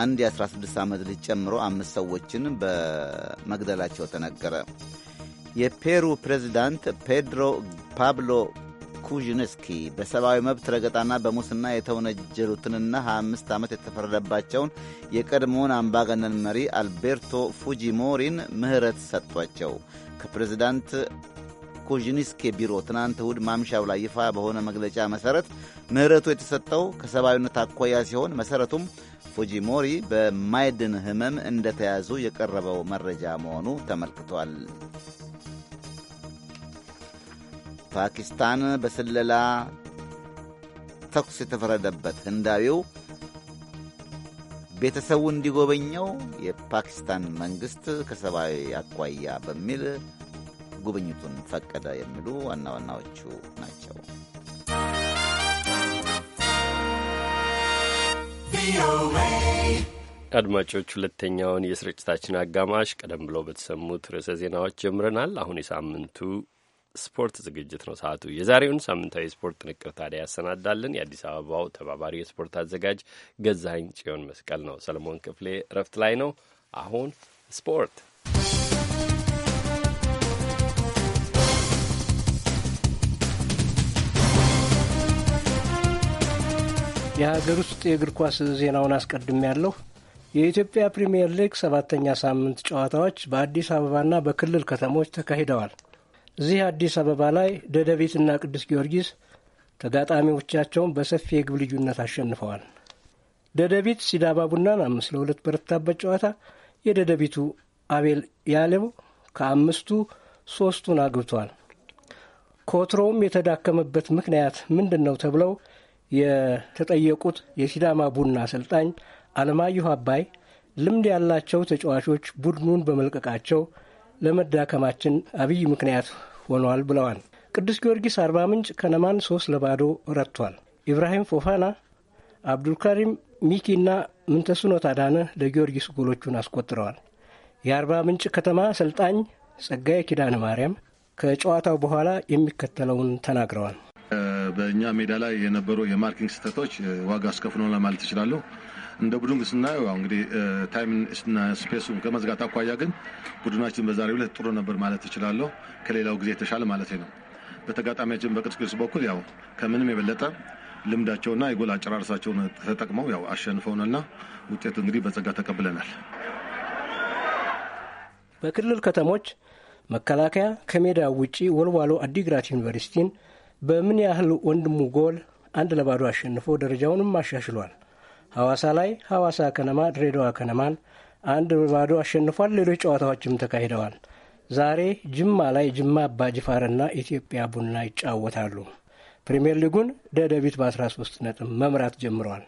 አንድ የ16 ዓመት ልጅ ጨምሮ አምስት ሰዎችን በመግደላቸው ተነገረ። የፔሩ ፕሬዚዳንት ፔድሮ ፓብሎ ኩዥንስኪ በሰብአዊ መብት ረገጣና በሙስና የተወነጀሉትንና 25 ዓመት የተፈረደባቸውን የቀድሞውን አምባገነን መሪ አልቤርቶ ፉጂሞሪን ምህረት ሰጥቷቸው ከፕሬዝዳንት ኩዥኒስኬ ቢሮ ትናንት እሁድ ማምሻው ላይ ይፋ በሆነ መግለጫ መሠረት ምህረቱ የተሰጠው ከሰብአዊነት አኳያ ሲሆን መሠረቱም ፉጂሞሪ በማይድን ህመም እንደተያዙ የቀረበው መረጃ መሆኑ ተመልክቷል። ፓኪስታን በስለላ ተኩስ የተፈረደበት ህንዳዊው ቤተሰቡ እንዲጎበኘው የፓኪስታን መንግስት ከሰብአዊ አኳያ በሚል ጉብኝቱን ፈቀደ የሚሉ ዋና ዋናዎቹ ናቸው። አድማጮች ሁለተኛውን የስርጭታችን አጋማሽ ቀደም ብሎ በተሰሙት ርዕሰ ዜናዎች ጀምረናል። አሁን የሳምንቱ ስፖርት ዝግጅት ነው ሰዓቱ። የዛሬውን ሳምንታዊ ስፖርት ጥንቅር ታዲያ ያሰናዳልን የአዲስ አበባው ተባባሪ የስፖርት አዘጋጅ ገዛኝ ጽዮን መስቀል ነው። ሰለሞን ክፍሌ እረፍት ላይ ነው። አሁን ስፖርት የሀገር ውስጥ የእግር ኳስ ዜናውን አስቀድሜ ያለሁ። የኢትዮጵያ ፕሪምየር ሊግ ሰባተኛ ሳምንት ጨዋታዎች በአዲስ አበባና በክልል ከተሞች ተካሂደዋል። እዚህ አዲስ አበባ ላይ ደደቢትና ቅዱስ ጊዮርጊስ ተጋጣሚዎቻቸውን በሰፊ የግብ ልዩነት አሸንፈዋል። ደደቢት ሲዳማ ቡናን አምስት ለሁለት በረታበት ጨዋታ የደደቢቱ አቤል ያለው ከአምስቱ ሶስቱን አግብቷል። ከወትሮውም የተዳከመበት ምክንያት ምንድን ነው ተብለው የተጠየቁት የሲዳማ ቡና አሰልጣኝ አለማየሁ አባይ ልምድ ያላቸው ተጫዋቾች ቡድኑን በመልቀቃቸው ለመዳከማችን አብይ ምክንያት ሆኗል ብለዋል። ቅዱስ ጊዮርጊስ አርባ ምንጭ ከነማን ሶስት ለባዶ ረጥቷል። ኢብራሂም ፎፋና፣ አብዱልካሪም እና ምንተስኖት አዳነ ለጊዮርጊስ ጎሎቹን አስቆጥረዋል። የአርባ ምንጭ ከተማ አሰልጣኝ ጸጋዬ ኪዳነ ማርያም ከጨዋታው በኋላ የሚከተለውን ተናግረዋል። በእኛ ሜዳ ላይ የነበሩ የማርኪንግ ስህተቶች ዋጋ አስከፍኖ ለማለት እችላለሁ። እንደ ቡድን ስናየው እንግዲህ ታይምና ስፔሱን ከመዝጋት አኳያ ግን ቡድናችን በዛሬው ዕለት ጥሩ ነበር ማለት እችላለሁ። ከሌላው ጊዜ የተሻለ ማለት ነው። በተጋጣሚያችን በቅዱስ ጊዮርጊስ በኩል ያው ከምንም የበለጠ ልምዳቸውና የጎል አጨራርሳቸውን ተጠቅመው ያው አሸንፈውንና ውጤቱ እንግዲህ በጸጋ ተቀብለናል። በክልል ከተሞች መከላከያ ከሜዳ ውጪ ወልዋሎ አዲግራት ዩኒቨርሲቲን በምን ያህል ወንድሙ ጎል አንድ ለባዶ አሸንፎ ደረጃውንም አሻሽሏል። ሐዋሳ ላይ ሐዋሳ ከነማ ድሬዳዋ ከነማን አንድ በባዶ አሸንፏል። ሌሎች ጨዋታዎችም ተካሂደዋል። ዛሬ ጅማ ላይ ጅማ አባጅፋርና ኢትዮጵያ ቡና ይጫወታሉ። ፕሪምየር ሊጉን ደደቢት በ13 ነጥብ መምራት ጀምረዋል።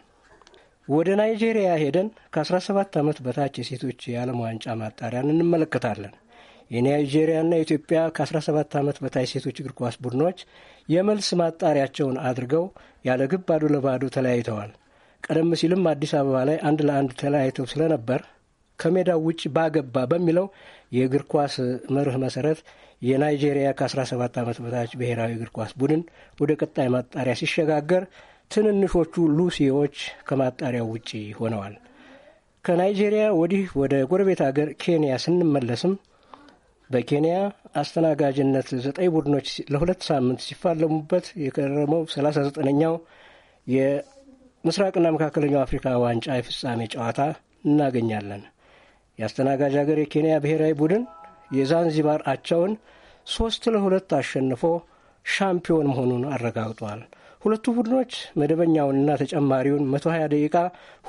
ወደ ናይጄሪያ ሄደን ከ17 ዓመት በታች የሴቶች የዓለም ዋንጫ ማጣሪያን እንመለከታለን። የናይጄሪያና የኢትዮጵያ ከ17 ዓመት በታች ሴቶች እግር ኳስ ቡድኖች የመልስ ማጣሪያቸውን አድርገው ያለ ግብ ባዶ ለባዶ ተለያይተዋል። ቀደም ሲልም አዲስ አበባ ላይ አንድ ለአንድ ተለያይተው ስለነበር ከሜዳው ውጭ ባገባ በሚለው የእግር ኳስ መርህ መሰረት የናይጄሪያ ከ17 ዓመት በታች ብሔራዊ እግር ኳስ ቡድን ወደ ቀጣይ ማጣሪያ ሲሸጋገር ትንንሾቹ ሉሲዎች ከማጣሪያው ውጪ ሆነዋል። ከናይጄሪያ ወዲህ ወደ ጎረቤት አገር ኬንያ ስንመለስም በኬንያ አስተናጋጅነት ዘጠኝ ቡድኖች ለሁለት ሳምንት ሲፋለሙበት የከረመው 39ኛው ምስራቅና መካከለኛው አፍሪካ ዋንጫ የፍጻሜ ጨዋታ እናገኛለን። የአስተናጋጅ ሀገር የኬንያ ብሔራዊ ቡድን የዛንዚባር አቻውን ሶስት ለሁለት አሸንፎ ሻምፒዮን መሆኑን አረጋግጧል። ሁለቱ ቡድኖች መደበኛውንና ተጨማሪውን 120 ደቂቃ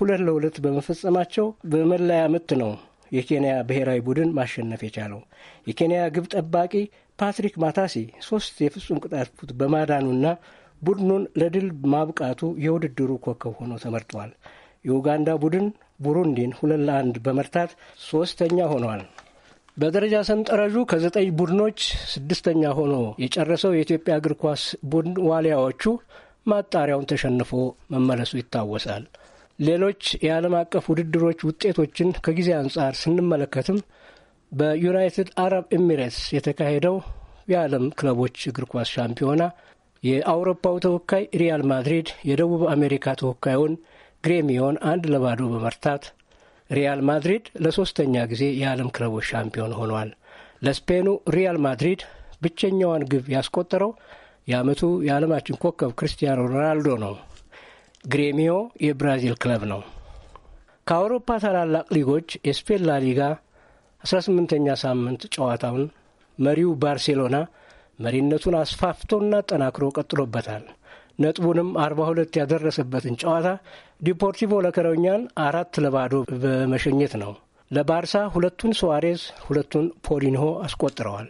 ሁለት ለሁለት በመፈጸማቸው በመለያ ምት ነው የኬንያ ብሔራዊ ቡድን ማሸነፍ የቻለው። የኬንያ ግብ ጠባቂ ፓትሪክ ማታሲ ሶስት የፍጹም ቅጣት ምት በማዳኑና ቡድኑን ለድል ማብቃቱ የውድድሩ ኮከብ ሆኖ ተመርጧል። የኡጋንዳ ቡድን ቡሩንዲን ሁለት ለአንድ በመርታት ሶስተኛ ሆኗል። በደረጃ ሰንጠረዡ ከዘጠኝ ቡድኖች ስድስተኛ ሆኖ የጨረሰው የኢትዮጵያ እግር ኳስ ቡድን ዋሊያዎቹ ማጣሪያውን ተሸንፎ መመለሱ ይታወሳል። ሌሎች የዓለም አቀፍ ውድድሮች ውጤቶችን ከጊዜ አንጻር ስንመለከትም በዩናይትድ አረብ ኤሚሬትስ የተካሄደው የዓለም ክለቦች እግር ኳስ ሻምፒዮና የአውሮፓው ተወካይ ሪያል ማድሪድ የደቡብ አሜሪካ ተወካዩን ግሬሚዮን አንድ ለባዶ በመርታት ሪያል ማድሪድ ለሶስተኛ ጊዜ የዓለም ክለቦች ሻምፒዮን ሆኗል። ለስፔኑ ሪያል ማድሪድ ብቸኛዋን ግብ ያስቆጠረው የዓመቱ የዓለማችን ኮከብ ክርስቲያኖ ሮናልዶ ነው። ግሬሚዮ የብራዚል ክለብ ነው። ከአውሮፓ ታላላቅ ሊጎች የስፔን ላሊጋ 18ኛ ሳምንት ጨዋታውን መሪው ባርሴሎና መሪነቱን አስፋፍቶና ጠናክሮ ቀጥሎበታል። ነጥቡንም አርባ ሁለት ያደረሰበትን ጨዋታ ዲፖርቲቮ ለከረኛን አራት ለባዶ በመሸኘት ነው። ለባርሳ ሁለቱን ሶዋሬዝ ሁለቱን ፖሊንሆ አስቆጥረዋል።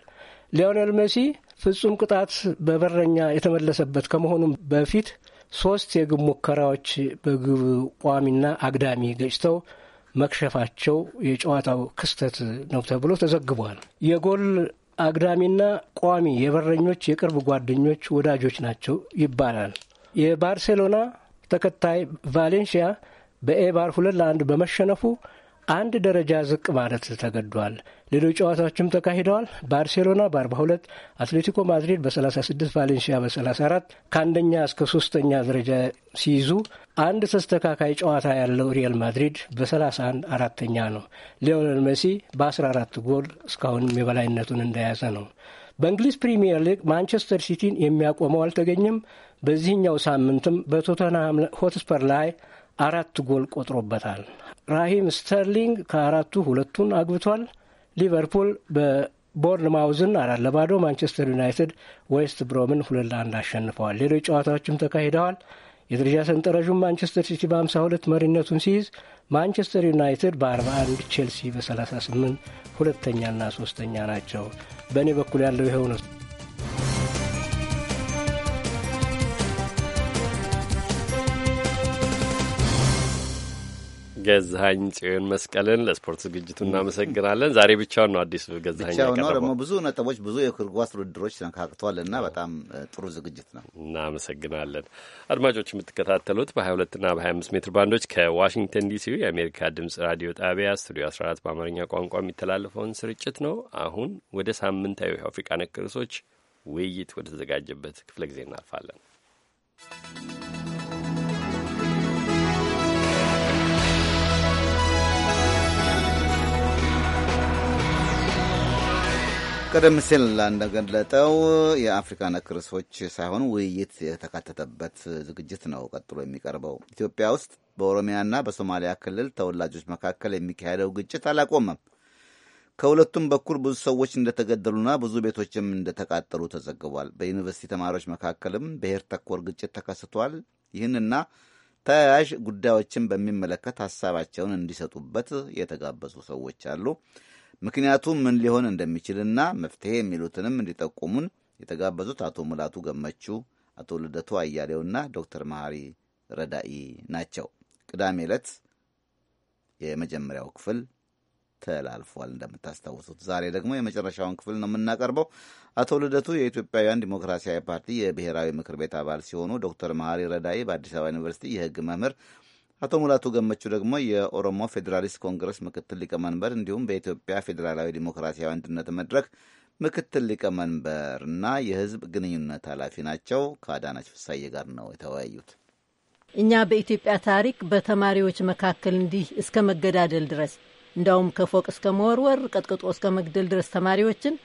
ሊዮኔል ሜሲ ፍጹም ቅጣት በበረኛ የተመለሰበት ከመሆኑም በፊት ሶስት የግብ ሙከራዎች በግብ ቋሚና አግዳሚ ገጭተው መክሸፋቸው የጨዋታው ክስተት ነው ተብሎ ተዘግቧል። የጎል አግዳሚና ቋሚ የበረኞች የቅርብ ጓደኞች ወዳጆች ናቸው ይባላል። የባርሴሎና ተከታይ ቫሌንሺያ በኤባር ሁለት ለአንድ በመሸነፉ አንድ ደረጃ ዝቅ ማለት ተገዷል። ሌሎች ጨዋታዎችም ተካሂደዋል። ባርሴሎና በ42 አትሌቲኮ ማድሪድ በ36 ቫሌንሺያ በ34 ከአንደኛ እስከ ሶስተኛ ደረጃ ሲይዙ አንድ ተስተካካይ ጨዋታ ያለው ሪያል ማድሪድ በ31 አራተኛ ነው። ሊዮነል መሲ በ14 ጎል እስካሁንም የበላይነቱን እንደያዘ ነው። በእንግሊዝ ፕሪምየር ሊግ ማንቸስተር ሲቲን የሚያቆመው አልተገኘም። በዚህኛው ሳምንትም በቶተንሃም ሆትስፐር ላይ አራት ጎል ቆጥሮበታል። ራሂም ስተርሊንግ ከአራቱ ሁለቱን አግብቷል። ሊቨርፑል በቦርንማውዝን አራት ለባዶ፣ ማንቸስተር ዩናይትድ ዌስት ብሮምን ሁለት ለአንድ አሸንፈዋል። ሌሎች ጨዋታዎችም ተካሂደዋል። የደረጃ ሰንጠረዡ ማንቸስተር ሲቲ በ52 መሪነቱን ሲይዝ ማንቸስተር ዩናይትድ በ41፣ ቼልሲ በ38 ሁለተኛና ሶስተኛ ናቸው። በእኔ በኩል ያለው ይኸው ነው። ገዛሀኝ ጽዮን መስቀልን ለስፖርት ዝግጅቱ እናመሰግናለን። ዛሬ ብቻውን ነው አዲሱ ገዛኝ ብቻውን ነው ደግሞ ብዙ ነጥቦች፣ ብዙ የእግር ኳስ ውድድሮች ተካክተዋል እና በጣም ጥሩ ዝግጅት ነው። እናመሰግናለን። አድማጮች የምትከታተሉት በ22 እና በ25 ሜትር ባንዶች ከዋሽንግተን ዲሲ የአሜሪካ ድምጽ ራዲዮ ጣቢያ ስቱዲዮ 14 በአማርኛ ቋንቋ የሚተላለፈውን ስርጭት ነው። አሁን ወደ ሳምንታዊ አፍሪቃ ነክ ርዕሶች ውይይት ወደ ተዘጋጀበት ክፍለ ጊዜ እናልፋለን። ቀደም ሲል እንደገለጠው የአፍሪካ ነክ ርዕሶች ሳይሆን ውይይት የተካተተበት ዝግጅት ነው ቀጥሎ የሚቀርበው። ኢትዮጵያ ውስጥ በኦሮሚያና በሶማሊያ ክልል ተወላጆች መካከል የሚካሄደው ግጭት አላቆመም። ከሁለቱም በኩል ብዙ ሰዎች እንደተገደሉና ብዙ ቤቶችም እንደተቃጠሉ ተዘግቧል። በዩኒቨርሲቲ ተማሪዎች መካከልም ብሔር ተኮር ግጭት ተከስቷል። ይህንና ተያያዥ ጉዳዮችን በሚመለከት ሀሳባቸውን እንዲሰጡበት የተጋበዙ ሰዎች አሉ። ምክንያቱ ምን ሊሆን እንደሚችልና መፍትሄ የሚሉትንም እንዲጠቁሙን የተጋበዙት አቶ ሙላቱ ገመቹ፣ አቶ ልደቱ አያሌውና ዶክተር መሐሪ ረዳኢ ናቸው። ቅዳሜ ዕለት የመጀመሪያው ክፍል ተላልፏል እንደምታስታውሱት። ዛሬ ደግሞ የመጨረሻውን ክፍል ነው የምናቀርበው። አቶ ልደቱ የኢትዮጵያውያን ዲሞክራሲያዊ ፓርቲ የብሔራዊ ምክር ቤት አባል ሲሆኑ ዶክተር መሐሪ ረዳይ በአዲስ አበባ ዩኒቨርሲቲ የሕግ መምህር አቶ ሙላቱ ገመቹ ደግሞ የኦሮሞ ፌዴራሊስት ኮንግረስ ምክትል ሊቀመንበር እንዲሁም በኢትዮጵያ ፌዴራላዊ ዲሞክራሲያዊ አንድነት መድረክ ምክትል ሊቀመንበርና የህዝብ ግንኙነት ኃላፊ ናቸው። ከአዳናች ፍሳዬ ጋር ነው የተወያዩት። እኛ በኢትዮጵያ ታሪክ በተማሪዎች መካከል እንዲህ እስከ መገዳደል ድረስ እንዳውም ከፎቅ እስከ መወርወር ቀጥቅጦ እስከ መግደል ድረስ ተማሪዎችን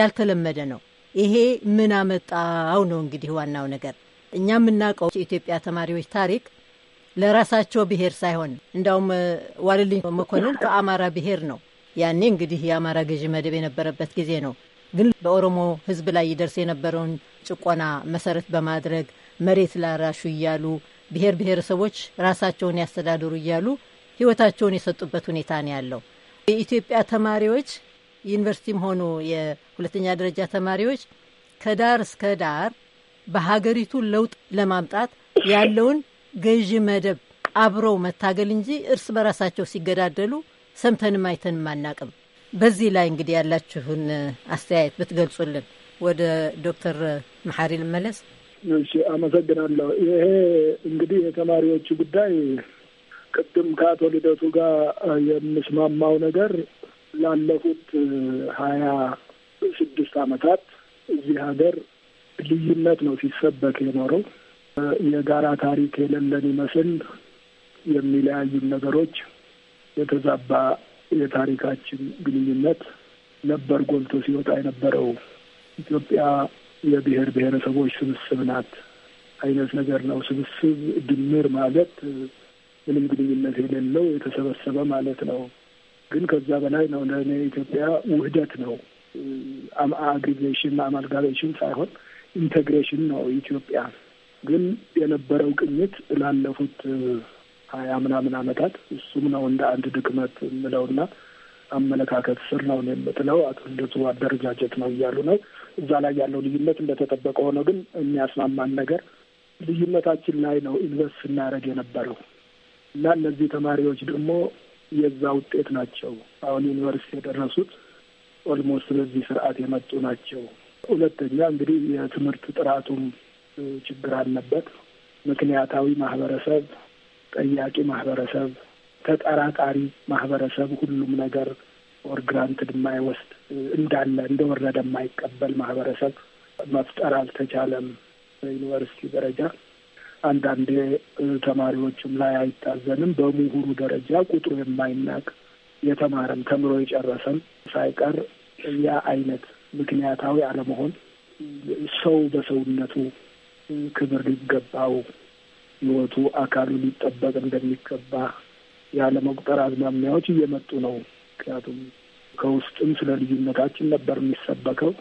ያልተለመደ ነው። ይሄ ምን አመጣው ነው እንግዲህ ዋናው ነገር። እኛ የምናውቀው የኢትዮጵያ ተማሪዎች ታሪክ ለራሳቸው ብሔር ሳይሆን እንዳውም ዋልልኝ መኮንን ከአማራ ብሔር ነው። ያኔ እንግዲህ የአማራ ገዢ መደብ የነበረበት ጊዜ ነው። ግን በኦሮሞ ሕዝብ ላይ ይደርስ የነበረውን ጭቆና መሰረት በማድረግ መሬት ላራሹ እያሉ ብሔር ብሔረሰቦች ራሳቸውን ያስተዳድሩ እያሉ ህይወታቸውን የሰጡበት ሁኔታ ነው ያለው። የኢትዮጵያ ተማሪዎች ዩኒቨርሲቲም ሆኑ የሁለተኛ ደረጃ ተማሪዎች ከዳር እስከ ዳር በሀገሪቱ ለውጥ ለማምጣት ያለውን ገዢ መደብ አብረው መታገል እንጂ እርስ በራሳቸው ሲገዳደሉ ሰምተንም አይተንም አናቅም። በዚህ ላይ እንግዲህ ያላችሁን አስተያየት ብትገልጹልን። ወደ ዶክተር መሐሪ ልመለስ። እሺ፣ አመሰግናለሁ። ይሄ እንግዲህ የተማሪዎቹ ጉዳይ ቅድም ከአቶ ልደቱ ጋር የምስማማው ነገር ላለፉት ሀያ ስድስት አመታት እዚህ ሀገር ልዩነት ነው ሲሰበክ የኖረው የጋራ ታሪክ የሌለን ይመስል የሚለያዩን ነገሮች፣ የተዛባ የታሪካችን ግንኙነት ነበር ጎልቶ ሲወጣ የነበረው። ኢትዮጵያ የብሔር ብሔረሰቦች ስብስብ ናት አይነት ነገር ነው። ስብስብ ድምር ማለት ምንም ግንኙነት የሌለው የተሰበሰበ ማለት ነው። ግን ከዛ በላይ ነው። ለእኔ ኢትዮጵያ ውህደት ነው። አግሪጌሽን አማልጋቤሽን ሳይሆን ኢንቴግሬሽን ነው ኢትዮጵያ ግን የነበረው ቅኝት ላለፉት ሀያ ምናምን አመታት እሱም ነው እንደ አንድ ድክመት የምለውና አመለካከት ስር ነው የምትለው አቶ ልደቱ አደረጃጀት ነው እያሉ ነው። እዛ ላይ ያለው ልዩነት እንደተጠበቀ ሆኖ ግን የሚያስማማን ነገር ልዩነታችን ላይ ነው ኢንቨስት ስናደርግ የነበረው እና እነዚህ ተማሪዎች ደግሞ የዛ ውጤት ናቸው። አሁን ዩኒቨርሲቲ የደረሱት ኦልሞስት በዚህ ስርዓት የመጡ ናቸው። ሁለተኛ እንግዲህ የትምህርት ጥራቱም ችግር አለበት። ምክንያታዊ ማህበረሰብ፣ ጠያቂ ማህበረሰብ፣ ተጠራጣሪ ማህበረሰብ፣ ሁሉም ነገር ኦር ግራንትድ የማይወስድ እንዳለ እንደወረደ የማይቀበል ማህበረሰብ መፍጠር አልተቻለም። በዩኒቨርሲቲ ደረጃ አንዳንዴ ተማሪዎችም ላይ አይታዘንም። በምሁሩ ደረጃ ቁጥሩ የማይናቅ የተማረም ተምሮ የጨረሰም ሳይቀር ያ አይነት ምክንያታዊ አለመሆን ሰው በሰውነቱ ክብር ሊገባው ህይወቱ አካሉ ሊጠበቅ እንደሚገባ መቁጠር አዝማሚያዎች እየመጡ ነው። ምክንያቱም ከውስጥም ስለ ልዩነታችን ነበር የሚሰበከው።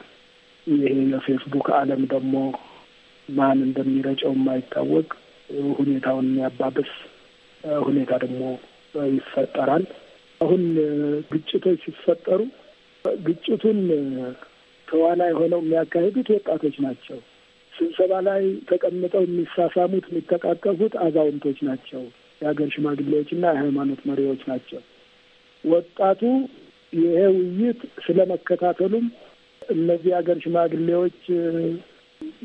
ይሄ የፌስቡክ ዓለም ደግሞ ማን እንደሚረጨው የማይታወቅ ሁኔታውን የሚያባብስ ሁኔታ ደግሞ ይፈጠራል። አሁን ግጭቶች ሲፈጠሩ ግጭቱን ተዋናይ ሆነው የሚያካሂዱት ወጣቶች ናቸው። ስብሰባ ላይ ተቀምጠው የሚሳሳሙት የሚተቃቀፉት አዛውንቶች ናቸው። የሀገር ሽማግሌዎችና የሃይማኖት መሪዎች ናቸው። ወጣቱ ይሄ ውይይት ስለመከታተሉም እነዚህ የሀገር ሽማግሌዎች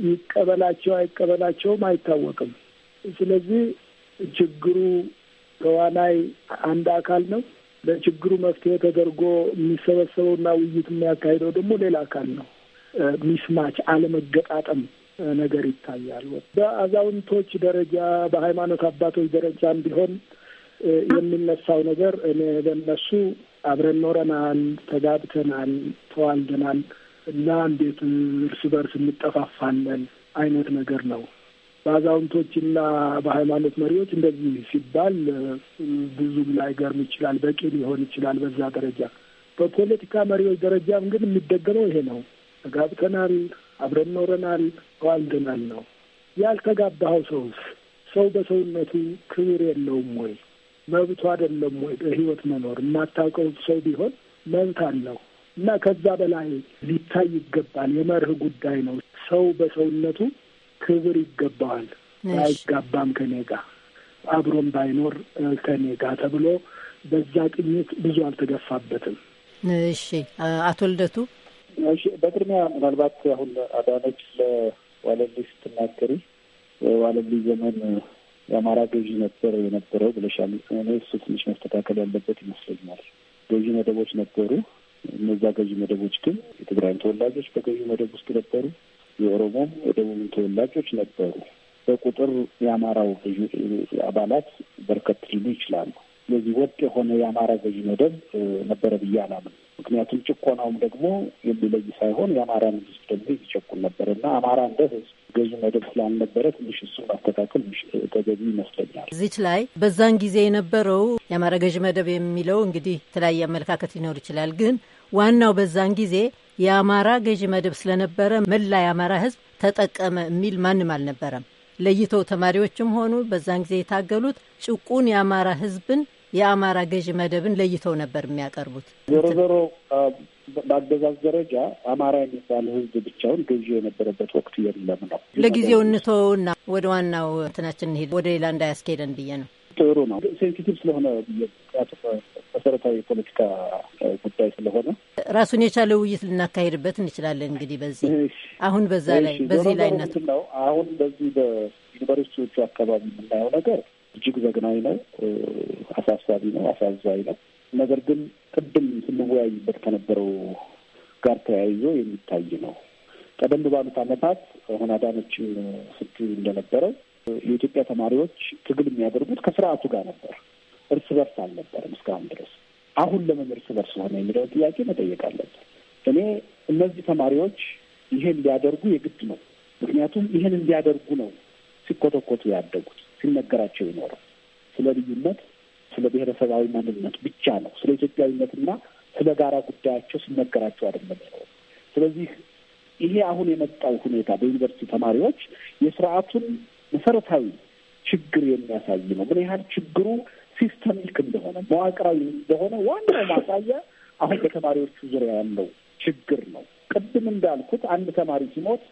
ይቀበላቸው አይቀበላቸውም አይታወቅም። ስለዚህ ችግሩ ተዋናይ አንድ አካል ነው። ለችግሩ መፍትሄ ተደርጎ የሚሰበሰበውና ውይይት የሚያካሂደው ደግሞ ሌላ አካል ነው። ሚስማች አለመገጣጠም ነገር ይታያል። በአዛውንቶች ደረጃ በሃይማኖት አባቶች ደረጃም ቢሆን የሚነሳው ነገር እኔ በእነሱ አብረን ኖረናል፣ ተጋብተናል፣ ተዋልደናል እና እንዴት እርስ በርስ እንጠፋፋለን አይነት ነገር ነው። በአዛውንቶችና በሃይማኖት መሪዎች እንደዚህ ሲባል ብዙም ላይገርም ይችላል፣ በቂ ሊሆን ይችላል በዛ ደረጃ። በፖለቲካ መሪዎች ደረጃም ግን የሚደገመው ይሄ ነው። ተጋብተናል፣ አብረን ኖረናል፣ ዋልደናል ነው። ያልተጋባኸው ሰውስ ሰው በሰውነቱ ክብር የለውም ወይ? መብቱ አይደለም ወይ? በህይወት መኖር የማታውቀው ሰው ቢሆን መብት አለው እና ከዛ በላይ ሊታይ ይገባል። የመርህ ጉዳይ ነው። ሰው በሰውነቱ ክብር ይገባዋል። አይጋባም ከኔ ጋር አብሮም ባይኖር ከኔ ጋር ተብሎ በዛ ቅኝት ብዙ አልተገፋበትም። እሺ አቶ ልደቱ በቅድሚያ ምናልባት አሁን አዳነች ለዋለልኝ ስትናገሪ ዋለልኝ ዘመን የአማራ ገዢ ነበር የነበረው ብለሻል። እኔ እሱ ትንሽ መስተካከል ያለበት ይመስለኛል። ገዢ መደቦች ነበሩ። እነዛ ገዢ መደቦች ግን የትግራይም ተወላጆች በገዢ መደብ ውስጥ ነበሩ። የኦሮሞም የደቡብም ተወላጆች ነበሩ። በቁጥር የአማራው ገዢ አባላት በርከት ሊሉ ይችላሉ። ስለዚህ ወጥ የሆነ የአማራ ገዢ መደብ ነበረ ብዬ አላምን። ምክንያቱም ጭቆናውም ደግሞ የሚለይ ሳይሆን የአማራን ህዝብ ደግሞ ይጨቁን ነበር እና አማራ እንደ ህዝብ ገዙ መደብ ስላልነበረ ትንሽ እሱን ማስተካከል ተገቢ ይመስለኛል። እዚች ላይ በዛን ጊዜ የነበረው የአማራ ገዢ መደብ የሚለው እንግዲህ የተለያየ አመለካከት ሊኖር ይችላል። ግን ዋናው በዛን ጊዜ የአማራ ገዢ መደብ ስለነበረ መላ የአማራ ህዝብ ተጠቀመ የሚል ማንም አልነበረም። ለይተው ተማሪዎችም ሆኑ በዛን ጊዜ የታገሉት ጭቁን የአማራ ህዝብን የአማራ ገዢ መደብን ለይተው ነበር የሚያቀርቡት። ዞሮ ዞሮ በአገዛዝ ደረጃ አማራ የሚባል ህዝብ ብቻውን ገዢ የነበረበት ወቅት የለም ነው። ለጊዜው እንተውና ወደ ዋናው እንትናችን እንሄድ፣ ወደ ሌላ እንዳያስኬደን ብዬ ነው። ጥሩ ነው። ሴንሲቲቭ ስለሆነ መሰረታዊ የፖለቲካ ጉዳይ ስለሆነ ራሱን የቻለ ውይይት ልናካሄድበት እንችላለን። እንግዲህ በዚህ አሁን በዛ ላይ በዚህ ላይ ነው አሁን በዚህ በዩኒቨርሲቲዎቹ አካባቢ የምናየው ነገር እጅግ ዘግናኝ ነው፣ አሳሳቢ ነው፣ አሳዛኝ ነው። ነገር ግን ቅድም ስንወያይበት ከነበረው ጋር ተያይዞ የሚታይ ነው። ቀደም ባሉት ዓመታት አሁን አዳነችም ስት እንደነበረው የኢትዮጵያ ተማሪዎች ትግል የሚያደርጉት ከስርዓቱ ጋር ነበር፣ እርስ በርስ አልነበርም እስካሁን ድረስ። አሁን ለምን እርስ በርስ ሆነ የሚለው ጥያቄ መጠየቅ አለብን። እኔ እነዚህ ተማሪዎች ይሄን ሊያደርጉ የግድ ነው። ምክንያቱም ይሄን እንዲያደርጉ ነው ሲኮተኮቱ ያደጉት። ሲነገራቸው ይኖሩ ስለ ልዩነት፣ ስለ ብሔረሰባዊ ማንነት ብቻ ነው። ስለ ኢትዮጵያዊነትና ስለ ጋራ ጉዳያቸው ሲነገራቸው አይደለም ስለዚህ ይሄ አሁን የመጣው ሁኔታ በዩኒቨርሲቲ ተማሪዎች የስርዓቱን መሰረታዊ ችግር የሚያሳይ ነው። ምን ያህል ችግሩ ሲስተሚክ እንደሆነ መዋቅራዊ እንደሆነ ዋናው ማሳያ አሁን በተማሪዎቹ ዙሪያ ያለው ችግር ነው። ቅድም እንዳልኩት አንድ ተማሪ ሲሞት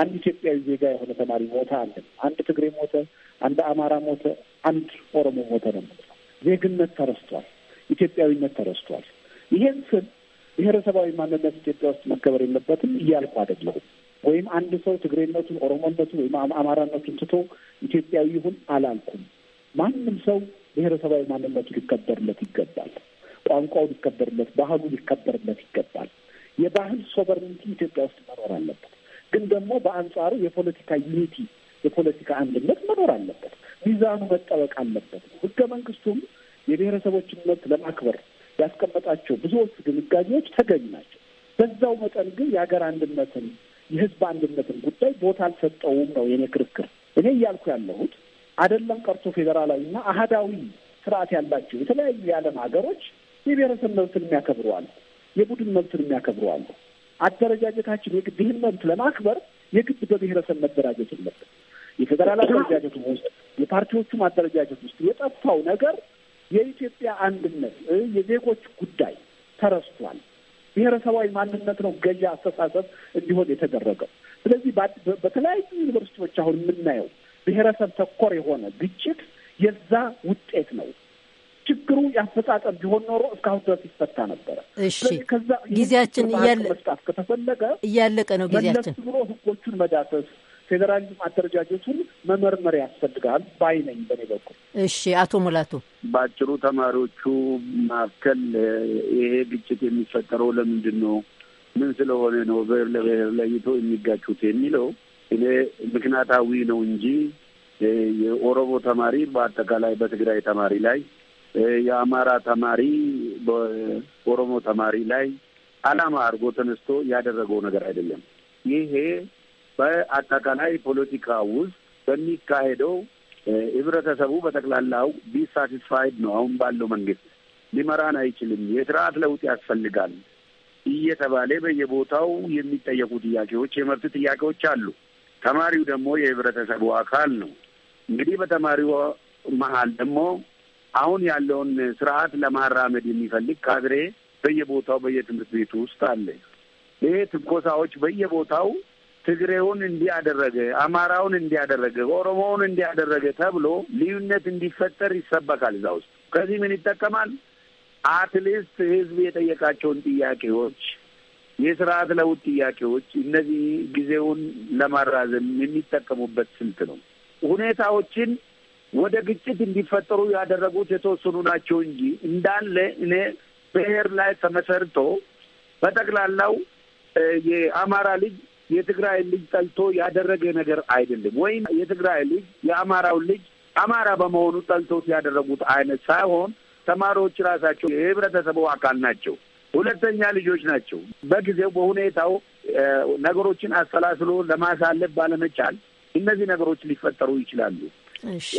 አንድ ኢትዮጵያዊ ዜጋ የሆነ ተማሪ ሞተ አለን፣ አንድ ትግሬ ሞተ፣ አንድ አማራ ሞተ፣ አንድ ኦሮሞ ሞተ ነው ዜግነት ተረስቷል፣ ኢትዮጵያዊነት ተረስቷል። ይሄን ስል ብሔረሰባዊ ማንነት ኢትዮጵያ ውስጥ መከበር የለበትም እያልኩ አይደለሁም። ወይም አንድ ሰው ትግሬነቱን፣ ኦሮሞነቱን ወይም አማራነቱን ትቶ ኢትዮጵያዊ ይሁን አላልኩም። ማንም ሰው ብሔረሰባዊ ማንነቱ ሊከበርለት ይገባል። ቋንቋው ሊከበርለት፣ ባህሉ ሊከበርለት ይገባል። የባህል ሶቨርኒቲ ኢትዮጵያ ውስጥ መኖር አለበት። ግን ደግሞ በአንጻሩ የፖለቲካ ዩኒቲ የፖለቲካ አንድነት መኖር አለበት። ሚዛኑ መጠበቅ አለበት። ህገ መንግስቱም የብሔረሰቦችን መብት ለማክበር ያስቀመጣቸው ብዙዎቹ ድንጋጌዎች ተገኙ ናቸው። በዛው መጠን ግን የሀገር አንድነትን የህዝብ አንድነትን ጉዳይ ቦታ አልሰጠውም ነው የኔ ክርክር። እኔ እያልኩ ያለሁት አይደለም ቀርቶ ፌዴራላዊና አህዳዊ ስርዓት ያላቸው የተለያዩ የዓለም ሀገሮች የብሔረሰብ መብትን የሚያከብሩ አሉ፣ የቡድን መብትን የሚያከብሩ አሉ። አደረጃጀታችን የግድ ይህን መብት ለማክበር የግድ በብሔረሰብ መደራጀት የለብን። የፌዴራል አደረጃጀቱ ውስጥ የፓርቲዎቹም አደረጃጀት ውስጥ የጠፋው ነገር የኢትዮጵያ አንድነት የዜጎች ጉዳይ ተረስቷል። ብሔረሰባዊ ማንነት ነው ገዢ አስተሳሰብ እንዲሆን የተደረገው። ስለዚህ በተለያዩ ዩኒቨርሲቲዎች አሁን የምናየው ብሔረሰብ ተኮር የሆነ ግጭት የዛ ውጤት ነው። ችግሩ ያፈጻጸም ቢሆን ኖሮ እስካሁን ድረስ ይፈታ ነበረ። እሺ፣ ከዛ ጊዜያችን መፍታት ከተፈለገ እያለቀ ነው። ጊዜያችን ብሎ ህጎቹን መዳሰስ ፌዴራል አደረጃጀቱን መመርመር ያስፈልጋል ባይ ነኝ በኔ በኩል። እሺ፣ አቶ ሙላቱ በአጭሩ ተማሪዎቹ መካከል ይሄ ግጭት የሚፈጠረው ለምንድን ነው? ምን ስለሆነ ነው ብሔር ለብሔር ለይቶ የሚጋጩት የሚለው እኔ ምክንያታዊ ነው እንጂ የኦሮሞ ተማሪ በአጠቃላይ በትግራይ ተማሪ ላይ የአማራ ተማሪ በኦሮሞ ተማሪ ላይ ዓላማ አድርጎ ተነስቶ ያደረገው ነገር አይደለም። ይሄ በአጠቃላይ ፖለቲካ ውስጥ በሚካሄደው ህብረተሰቡ በጠቅላላው ዲሳቲስፋይድ ነው። አሁን ባለው መንግስት ሊመራን አይችልም፣ የስርዓት ለውጥ ያስፈልጋል እየተባለ በየቦታው የሚጠየቁ ጥያቄዎች፣ የመብት ጥያቄዎች አሉ። ተማሪው ደግሞ የህብረተሰቡ አካል ነው። እንግዲህ በተማሪው መሀል ደግሞ አሁን ያለውን ስርዓት ለማራመድ የሚፈልግ ካድሬ በየቦታው በየትምህርት ቤቱ ውስጥ አለ። ይሄ ትንኮሳዎች በየቦታው ትግሬውን እንዲያደረገ አማራውን እንዲያደረገ ኦሮሞውን እንዲያደረገ ተብሎ ልዩነት እንዲፈጠር ይሰበካል እዛ ውስጥ። ከዚህ ምን ይጠቀማል? አትሊስት ህዝብ የጠየቃቸውን ጥያቄዎች፣ የስርዓት ለውጥ ጥያቄዎች እነዚህ ጊዜውን ለማራዘም የሚጠቀሙበት ስልት ነው። ሁኔታዎችን ወደ ግጭት እንዲፈጠሩ ያደረጉት የተወሰኑ ናቸው እንጂ እንዳለ እኔ ብሔር ላይ ተመሰርቶ በጠቅላላው የአማራ ልጅ የትግራይ ልጅ ጠልቶ ያደረገ ነገር አይደለም። ወይም የትግራይ ልጅ የአማራው ልጅ አማራ በመሆኑ ጠልቶት ያደረጉት አይነት ሳይሆን ተማሪዎች ራሳቸው የህብረተሰቡ አካል ናቸው። ሁለተኛ ልጆች ናቸው። በጊዜው በሁኔታው ነገሮችን አሰላስሎ ለማሳለፍ ባለመቻል እነዚህ ነገሮች ሊፈጠሩ ይችላሉ።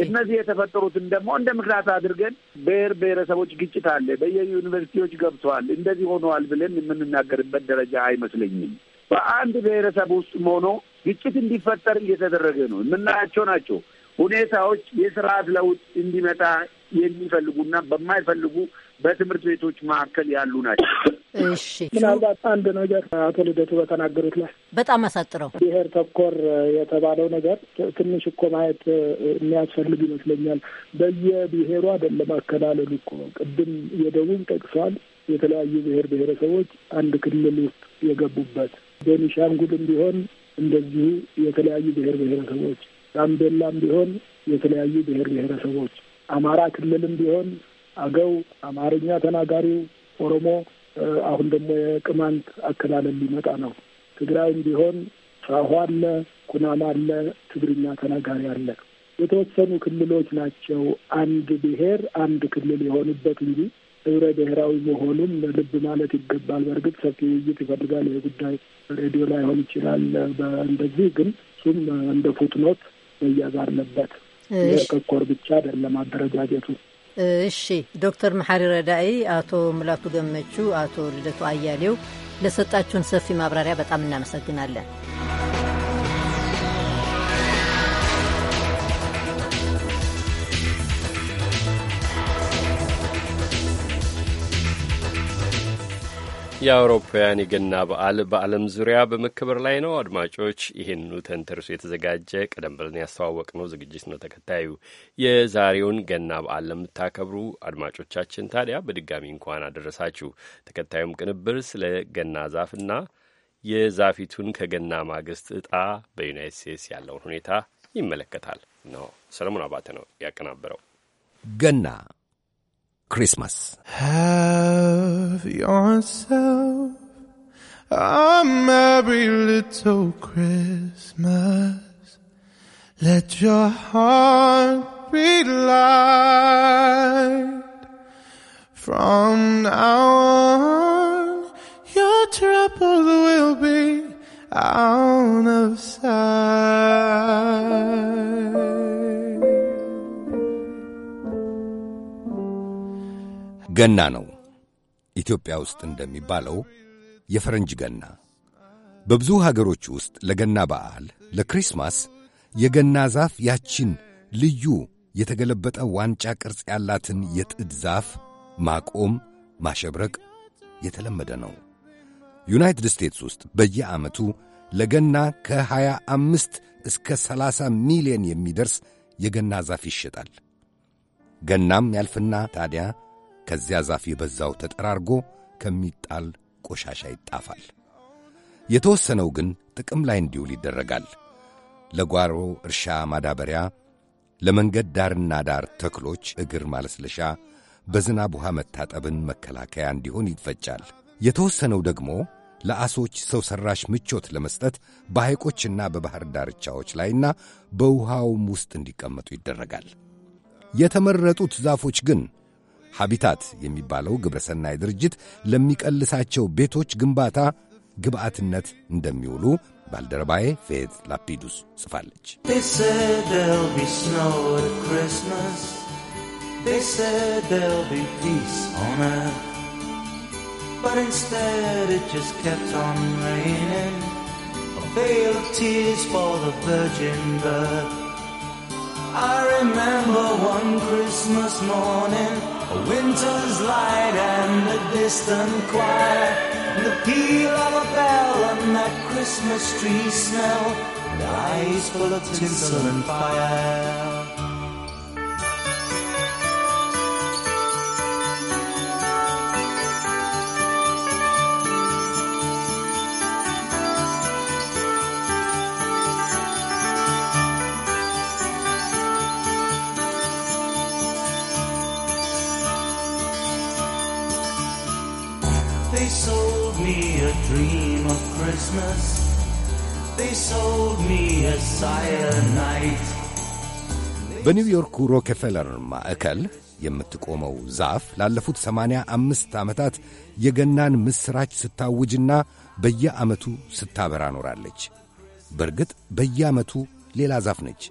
እነዚህ የተፈጠሩትን ደግሞ እንደ ምክንያት አድርገን ብሔር ብሔረሰቦች ግጭት አለ፣ በየዩኒቨርሲቲዎች ገብተዋል፣ እንደዚህ ሆነዋል ብለን የምንናገርበት ደረጃ አይመስለኝም። በአንድ ብሔረሰብ ውስጥ ሆኖ ግጭት እንዲፈጠር እየተደረገ ነው። የምናያቸው ናቸው ሁኔታዎች የስርዓት ለውጥ እንዲመጣ የሚፈልጉና በማይፈልጉ በትምህርት ቤቶች መካከል ያሉ ናቸው። እሺ፣ ምናልባት አንድ ነገር አቶ ልደቱ በተናገሩት ላይ በጣም አሳጥረው ብሔር ተኮር የተባለው ነገር ትንሽ እኮ ማየት የሚያስፈልግ ይመስለኛል። በየብሔሩ አይደለም አከላለሉ እኮ ቅድም የደቡብ ጠቅሷል። የተለያዩ ብሔር ብሔረሰቦች አንድ ክልል ውስጥ የገቡበት ቤኒሻንጉልም ቢሆን እንደዚሁ የተለያዩ ብሔር ብሔረሰቦች፣ ጋምቤላም ቢሆን የተለያዩ ብሔር ብሔረሰቦች፣ አማራ ክልልም ቢሆን አገው፣ አማርኛ ተናጋሪው ኦሮሞ፣ አሁን ደግሞ የቅማንት አከላለል ሊመጣ ነው። ትግራይም ቢሆን ሳሆ አለ፣ ኩናማ አለ፣ ትግርኛ ተናጋሪ አለ። የተወሰኑ ክልሎች ናቸው አንድ ብሔር አንድ ክልል የሆኑበት እንጂ ህብረ ብሔራዊ መሆኑም ልብ ማለት ይገባል። በእርግጥ ሰፊ ውይይት ይፈልጋል ይህ ጉዳይ ሬዲዮ ሆን ይችላል። እንደዚህ ግን እሱም እንደ ፉትኖት መያዝ አለበት። ከኮር ብቻ አይደለም አደረጃጀቱ። እሺ ዶክተር መሐሪ ረዳኢ፣ አቶ ሙላቱ ገመቹ፣ አቶ ልደቱ አያሌው ለሰጣችሁን ሰፊ ማብራሪያ በጣም እናመሰግናለን። የአውሮፓውያን የገና በዓል በዓለም ዙሪያ በመከበር ላይ ነው። አድማጮች ይህንኑ ተንተርሶ የተዘጋጀ ቀደም ብለን ነው ዝግጅት ነው ተከታዩ። የዛሬውን ገና በዓል ለምታከብሩ አድማጮቻችን ታዲያ በድጋሚ እንኳን አደረሳችሁ። ተከታዩም ቅንብር ስለ ገና ዛፍና የዛፊቱን ከገና ማግስት እጣ በዩናይት ስቴትስ ያለውን ሁኔታ ይመለከታል ነው። ሰለሞን አባተ ነው ያቀናበረው። ገና Christmas. Have yourself a merry little Christmas. Let your heart be light. From now on, your troubles will be out of sight. ገና ነው። ኢትዮጵያ ውስጥ እንደሚባለው የፈረንጅ ገና። በብዙ ሀገሮች ውስጥ ለገና በዓል፣ ለክሪስማስ የገና ዛፍ ያችን ልዩ የተገለበጠ ዋንጫ ቅርጽ ያላትን የጥድ ዛፍ ማቆም፣ ማሸብረቅ የተለመደ ነው። ዩናይትድ ስቴትስ ውስጥ በየዓመቱ ለገና ከ25 እስከ 30 ሚሊዮን የሚደርስ የገና ዛፍ ይሸጣል። ገናም ያልፍና ታዲያ ከዚያ ዛፍ የበዛው ተጠራርጎ ከሚጣል ቆሻሻ ይጣፋል። የተወሰነው ግን ጥቅም ላይ እንዲውል ይደረጋል። ለጓሮ እርሻ ማዳበሪያ፣ ለመንገድ ዳርና ዳር ተክሎች እግር ማለስለሻ፣ በዝናብ ውሃ መታጠብን መከላከያ እንዲሆን ይፈጫል። የተወሰነው ደግሞ ለአሶች ሰው ሠራሽ ምቾት ለመስጠት በሐይቆችና በባሕር ዳርቻዎች ላይና በውሃውም ውስጥ እንዲቀመጡ ይደረጋል። የተመረጡት ዛፎች ግን ሀቢታት የሚባለው ሰናይ ድርጅት ለሚቀልሳቸው ቤቶች ግንባታ ግብአትነት እንደሚውሉ ባልደረባዬ ፌት ላፒዱስ ጽፋለች። I remember one Christmas morning A winter's light and a distant choir, and the peal of a bell and that Christmas tree smell, and eyes full of tinsel and fire. me a dream of Christmas. They sold me a cyanide. በኒውዮርኩ ሮኬፌለር ማዕከል የምትቆመው ዛፍ ላለፉት ሰማንያ አምስት ዓመታት የገናን ምሥራች ስታውጅና በየዓመቱ ስታበራ ኖራለች። በእርግጥ በየዓመቱ ሌላ ዛፍ ነች።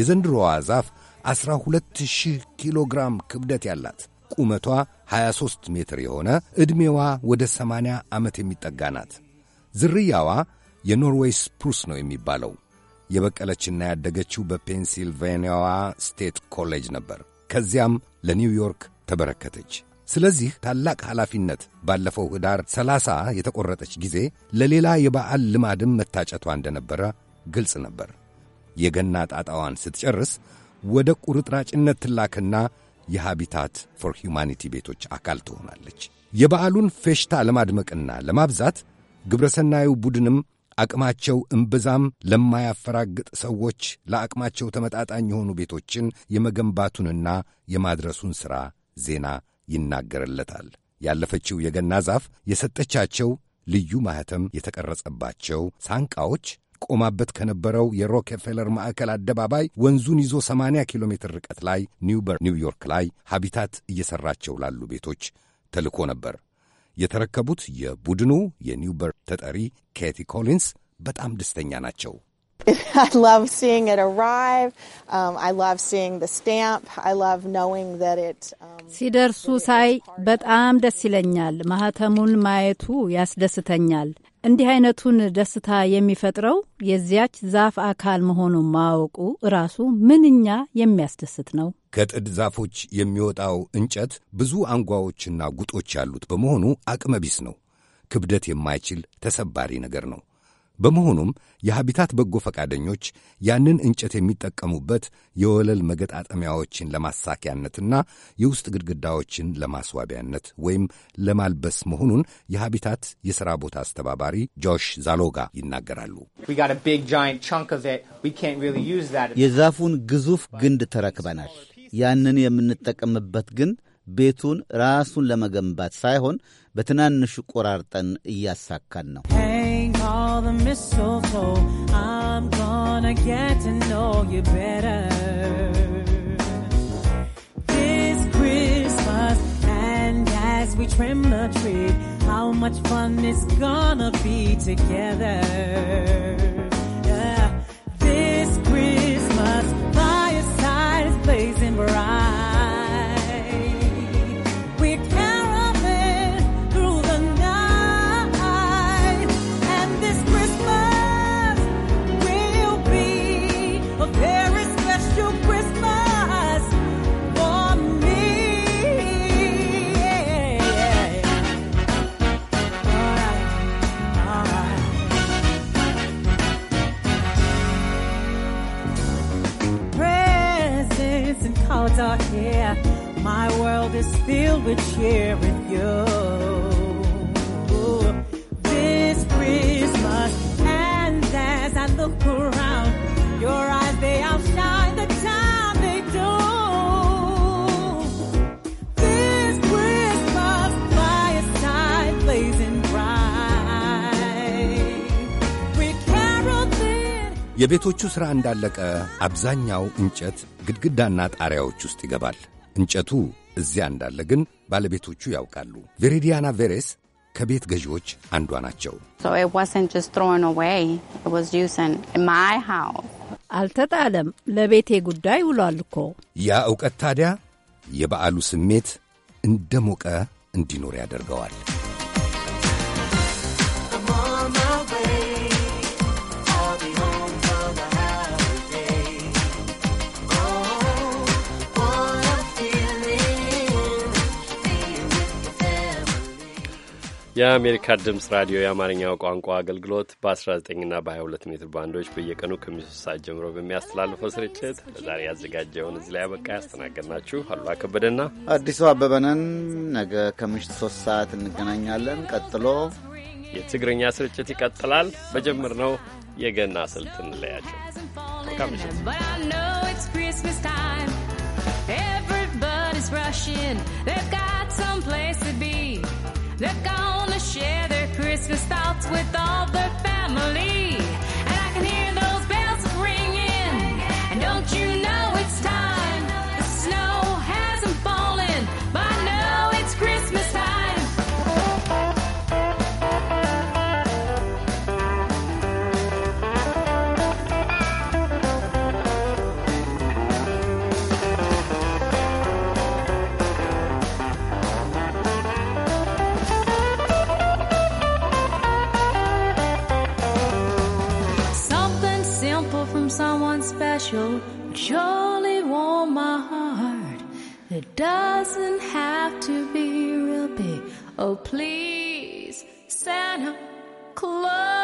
የዘንድሮዋ ዛፍ ዐሥራ ሁለት ሺህ ኪሎ ግራም ክብደት ያላት ቁመቷ 23 ሜትር የሆነ ዕድሜዋ ወደ 80 ዓመት የሚጠጋ ናት። ዝርያዋ የኖርዌይ ስፕሩስ ነው የሚባለው። የበቀለችና ያደገችው በፔንሲልቬንያዋ ስቴት ኮሌጅ ነበር። ከዚያም ለኒውዮርክ ተበረከተች። ስለዚህ ታላቅ ኃላፊነት ባለፈው ኅዳር 30 የተቆረጠች ጊዜ ለሌላ የበዓል ልማድም መታጨቷ እንደነበረ ግልጽ ነበር። የገና ጣጣዋን ስትጨርስ ወደ ቁርጥራጭነት ትላክና የሃቢታት ፎር ሂውማኒቲ ቤቶች አካል ትሆናለች። የበዓሉን ፌሽታ ለማድመቅና ለማብዛት ግብረሰናዩ ቡድንም አቅማቸው እምብዛም ለማያፈራግጥ ሰዎች ለአቅማቸው ተመጣጣኝ የሆኑ ቤቶችን የመገንባቱንና የማድረሱን ሥራ ዜና ይናገርለታል። ያለፈችው የገና ዛፍ የሰጠቻቸው ልዩ ማኅተም የተቀረጸባቸው ሳንቃዎች ቆማበት ከነበረው የሮኬፌለር ማዕከል አደባባይ ወንዙን ይዞ 80 ኪሎ ሜትር ርቀት ላይ ኒውበር ኒውዮርክ ላይ ሀቢታት እየሠራቸው ላሉ ቤቶች ተልኮ ነበር። የተረከቡት የቡድኑ የኒውበር ተጠሪ ኬቲ ኮሊንስ በጣም ደስተኛ ናቸው። um, um, ሲደርሱ ሳይ በጣም ደስ ይለኛል። ማህተሙን ማየቱ ያስደስተኛል። እንዲህ አይነቱን ደስታ የሚፈጥረው የዚያች ዛፍ አካል መሆኑን ማወቁ ራሱ ምንኛ የሚያስደስት ነው። ከጥድ ዛፎች የሚወጣው እንጨት ብዙ አንጓዎችና ጉጦች ያሉት በመሆኑ አቅመቢስ ነው። ክብደት የማይችል ተሰባሪ ነገር ነው። በመሆኑም የሀቢታት በጎ ፈቃደኞች ያንን እንጨት የሚጠቀሙበት የወለል መገጣጠሚያዎችን ለማሳኪያነትና የውስጥ ግድግዳዎችን ለማስዋቢያነት ወይም ለማልበስ መሆኑን የሀቢታት የሥራ ቦታ አስተባባሪ ጆሽ ዛሎጋ ይናገራሉ። የዛፉን ግዙፍ ግንድ ተረክበናል። ያንን የምንጠቀምበት ግን ቤቱን ራሱን ለመገንባት ሳይሆን በትናንሹ ቆራርጠን እያሳካን ነው። all the mistletoe. I'm gonna get to know you better. This Christmas, and as we trim the tree, how much fun it's gonna be together. Yeah. This Christmas, fireside is blazing bright. My world is filled with cheer with you. This Christmas, and as I look around, your eyes they outshine the time they do. This Christmas, by a side blazing bright. We carol then. የቤቶቹ ሥራ እንዳለቀ አብዛኛው እንጨት ግድግዳና ጣሪያዎች ውስጥ ይገባል። እንጨቱ እዚያ እንዳለ ግን ባለቤቶቹ ያውቃሉ። ቬሬዲያና ቬሬስ ከቤት ገዢዎች አንዷ ናቸው። አልተጣለም፣ ለቤቴ ጉዳይ ውሏል እኮ። ያ እውቀት ታዲያ የበዓሉ ስሜት እንደ ሞቀ እንዲኖር ያደርገዋል። የአሜሪካ ድምፅ ራዲዮ የአማርኛው ቋንቋ አገልግሎት በ19ና በ22 ሜትር ባንዶች በየቀኑ ከሚሶስት ሰዓት ጀምሮ በሚያስተላልፈው ስርጭት ለዛሬ ያዘጋጀውን እዚህ ላይ አበቃ። ያስተናገድናችሁ አሉላ ከበደና አዲሱ አበበነን። ነገ ከምሽት ሶስት ሰዓት እንገናኛለን። ቀጥሎ የትግርኛ ስርጭት ይቀጥላል። ነው የገና ስልት እንለያቸው። መልካም share their Christmas thoughts with all their family. doesn't have to be real big. Oh, please, Santa Claus.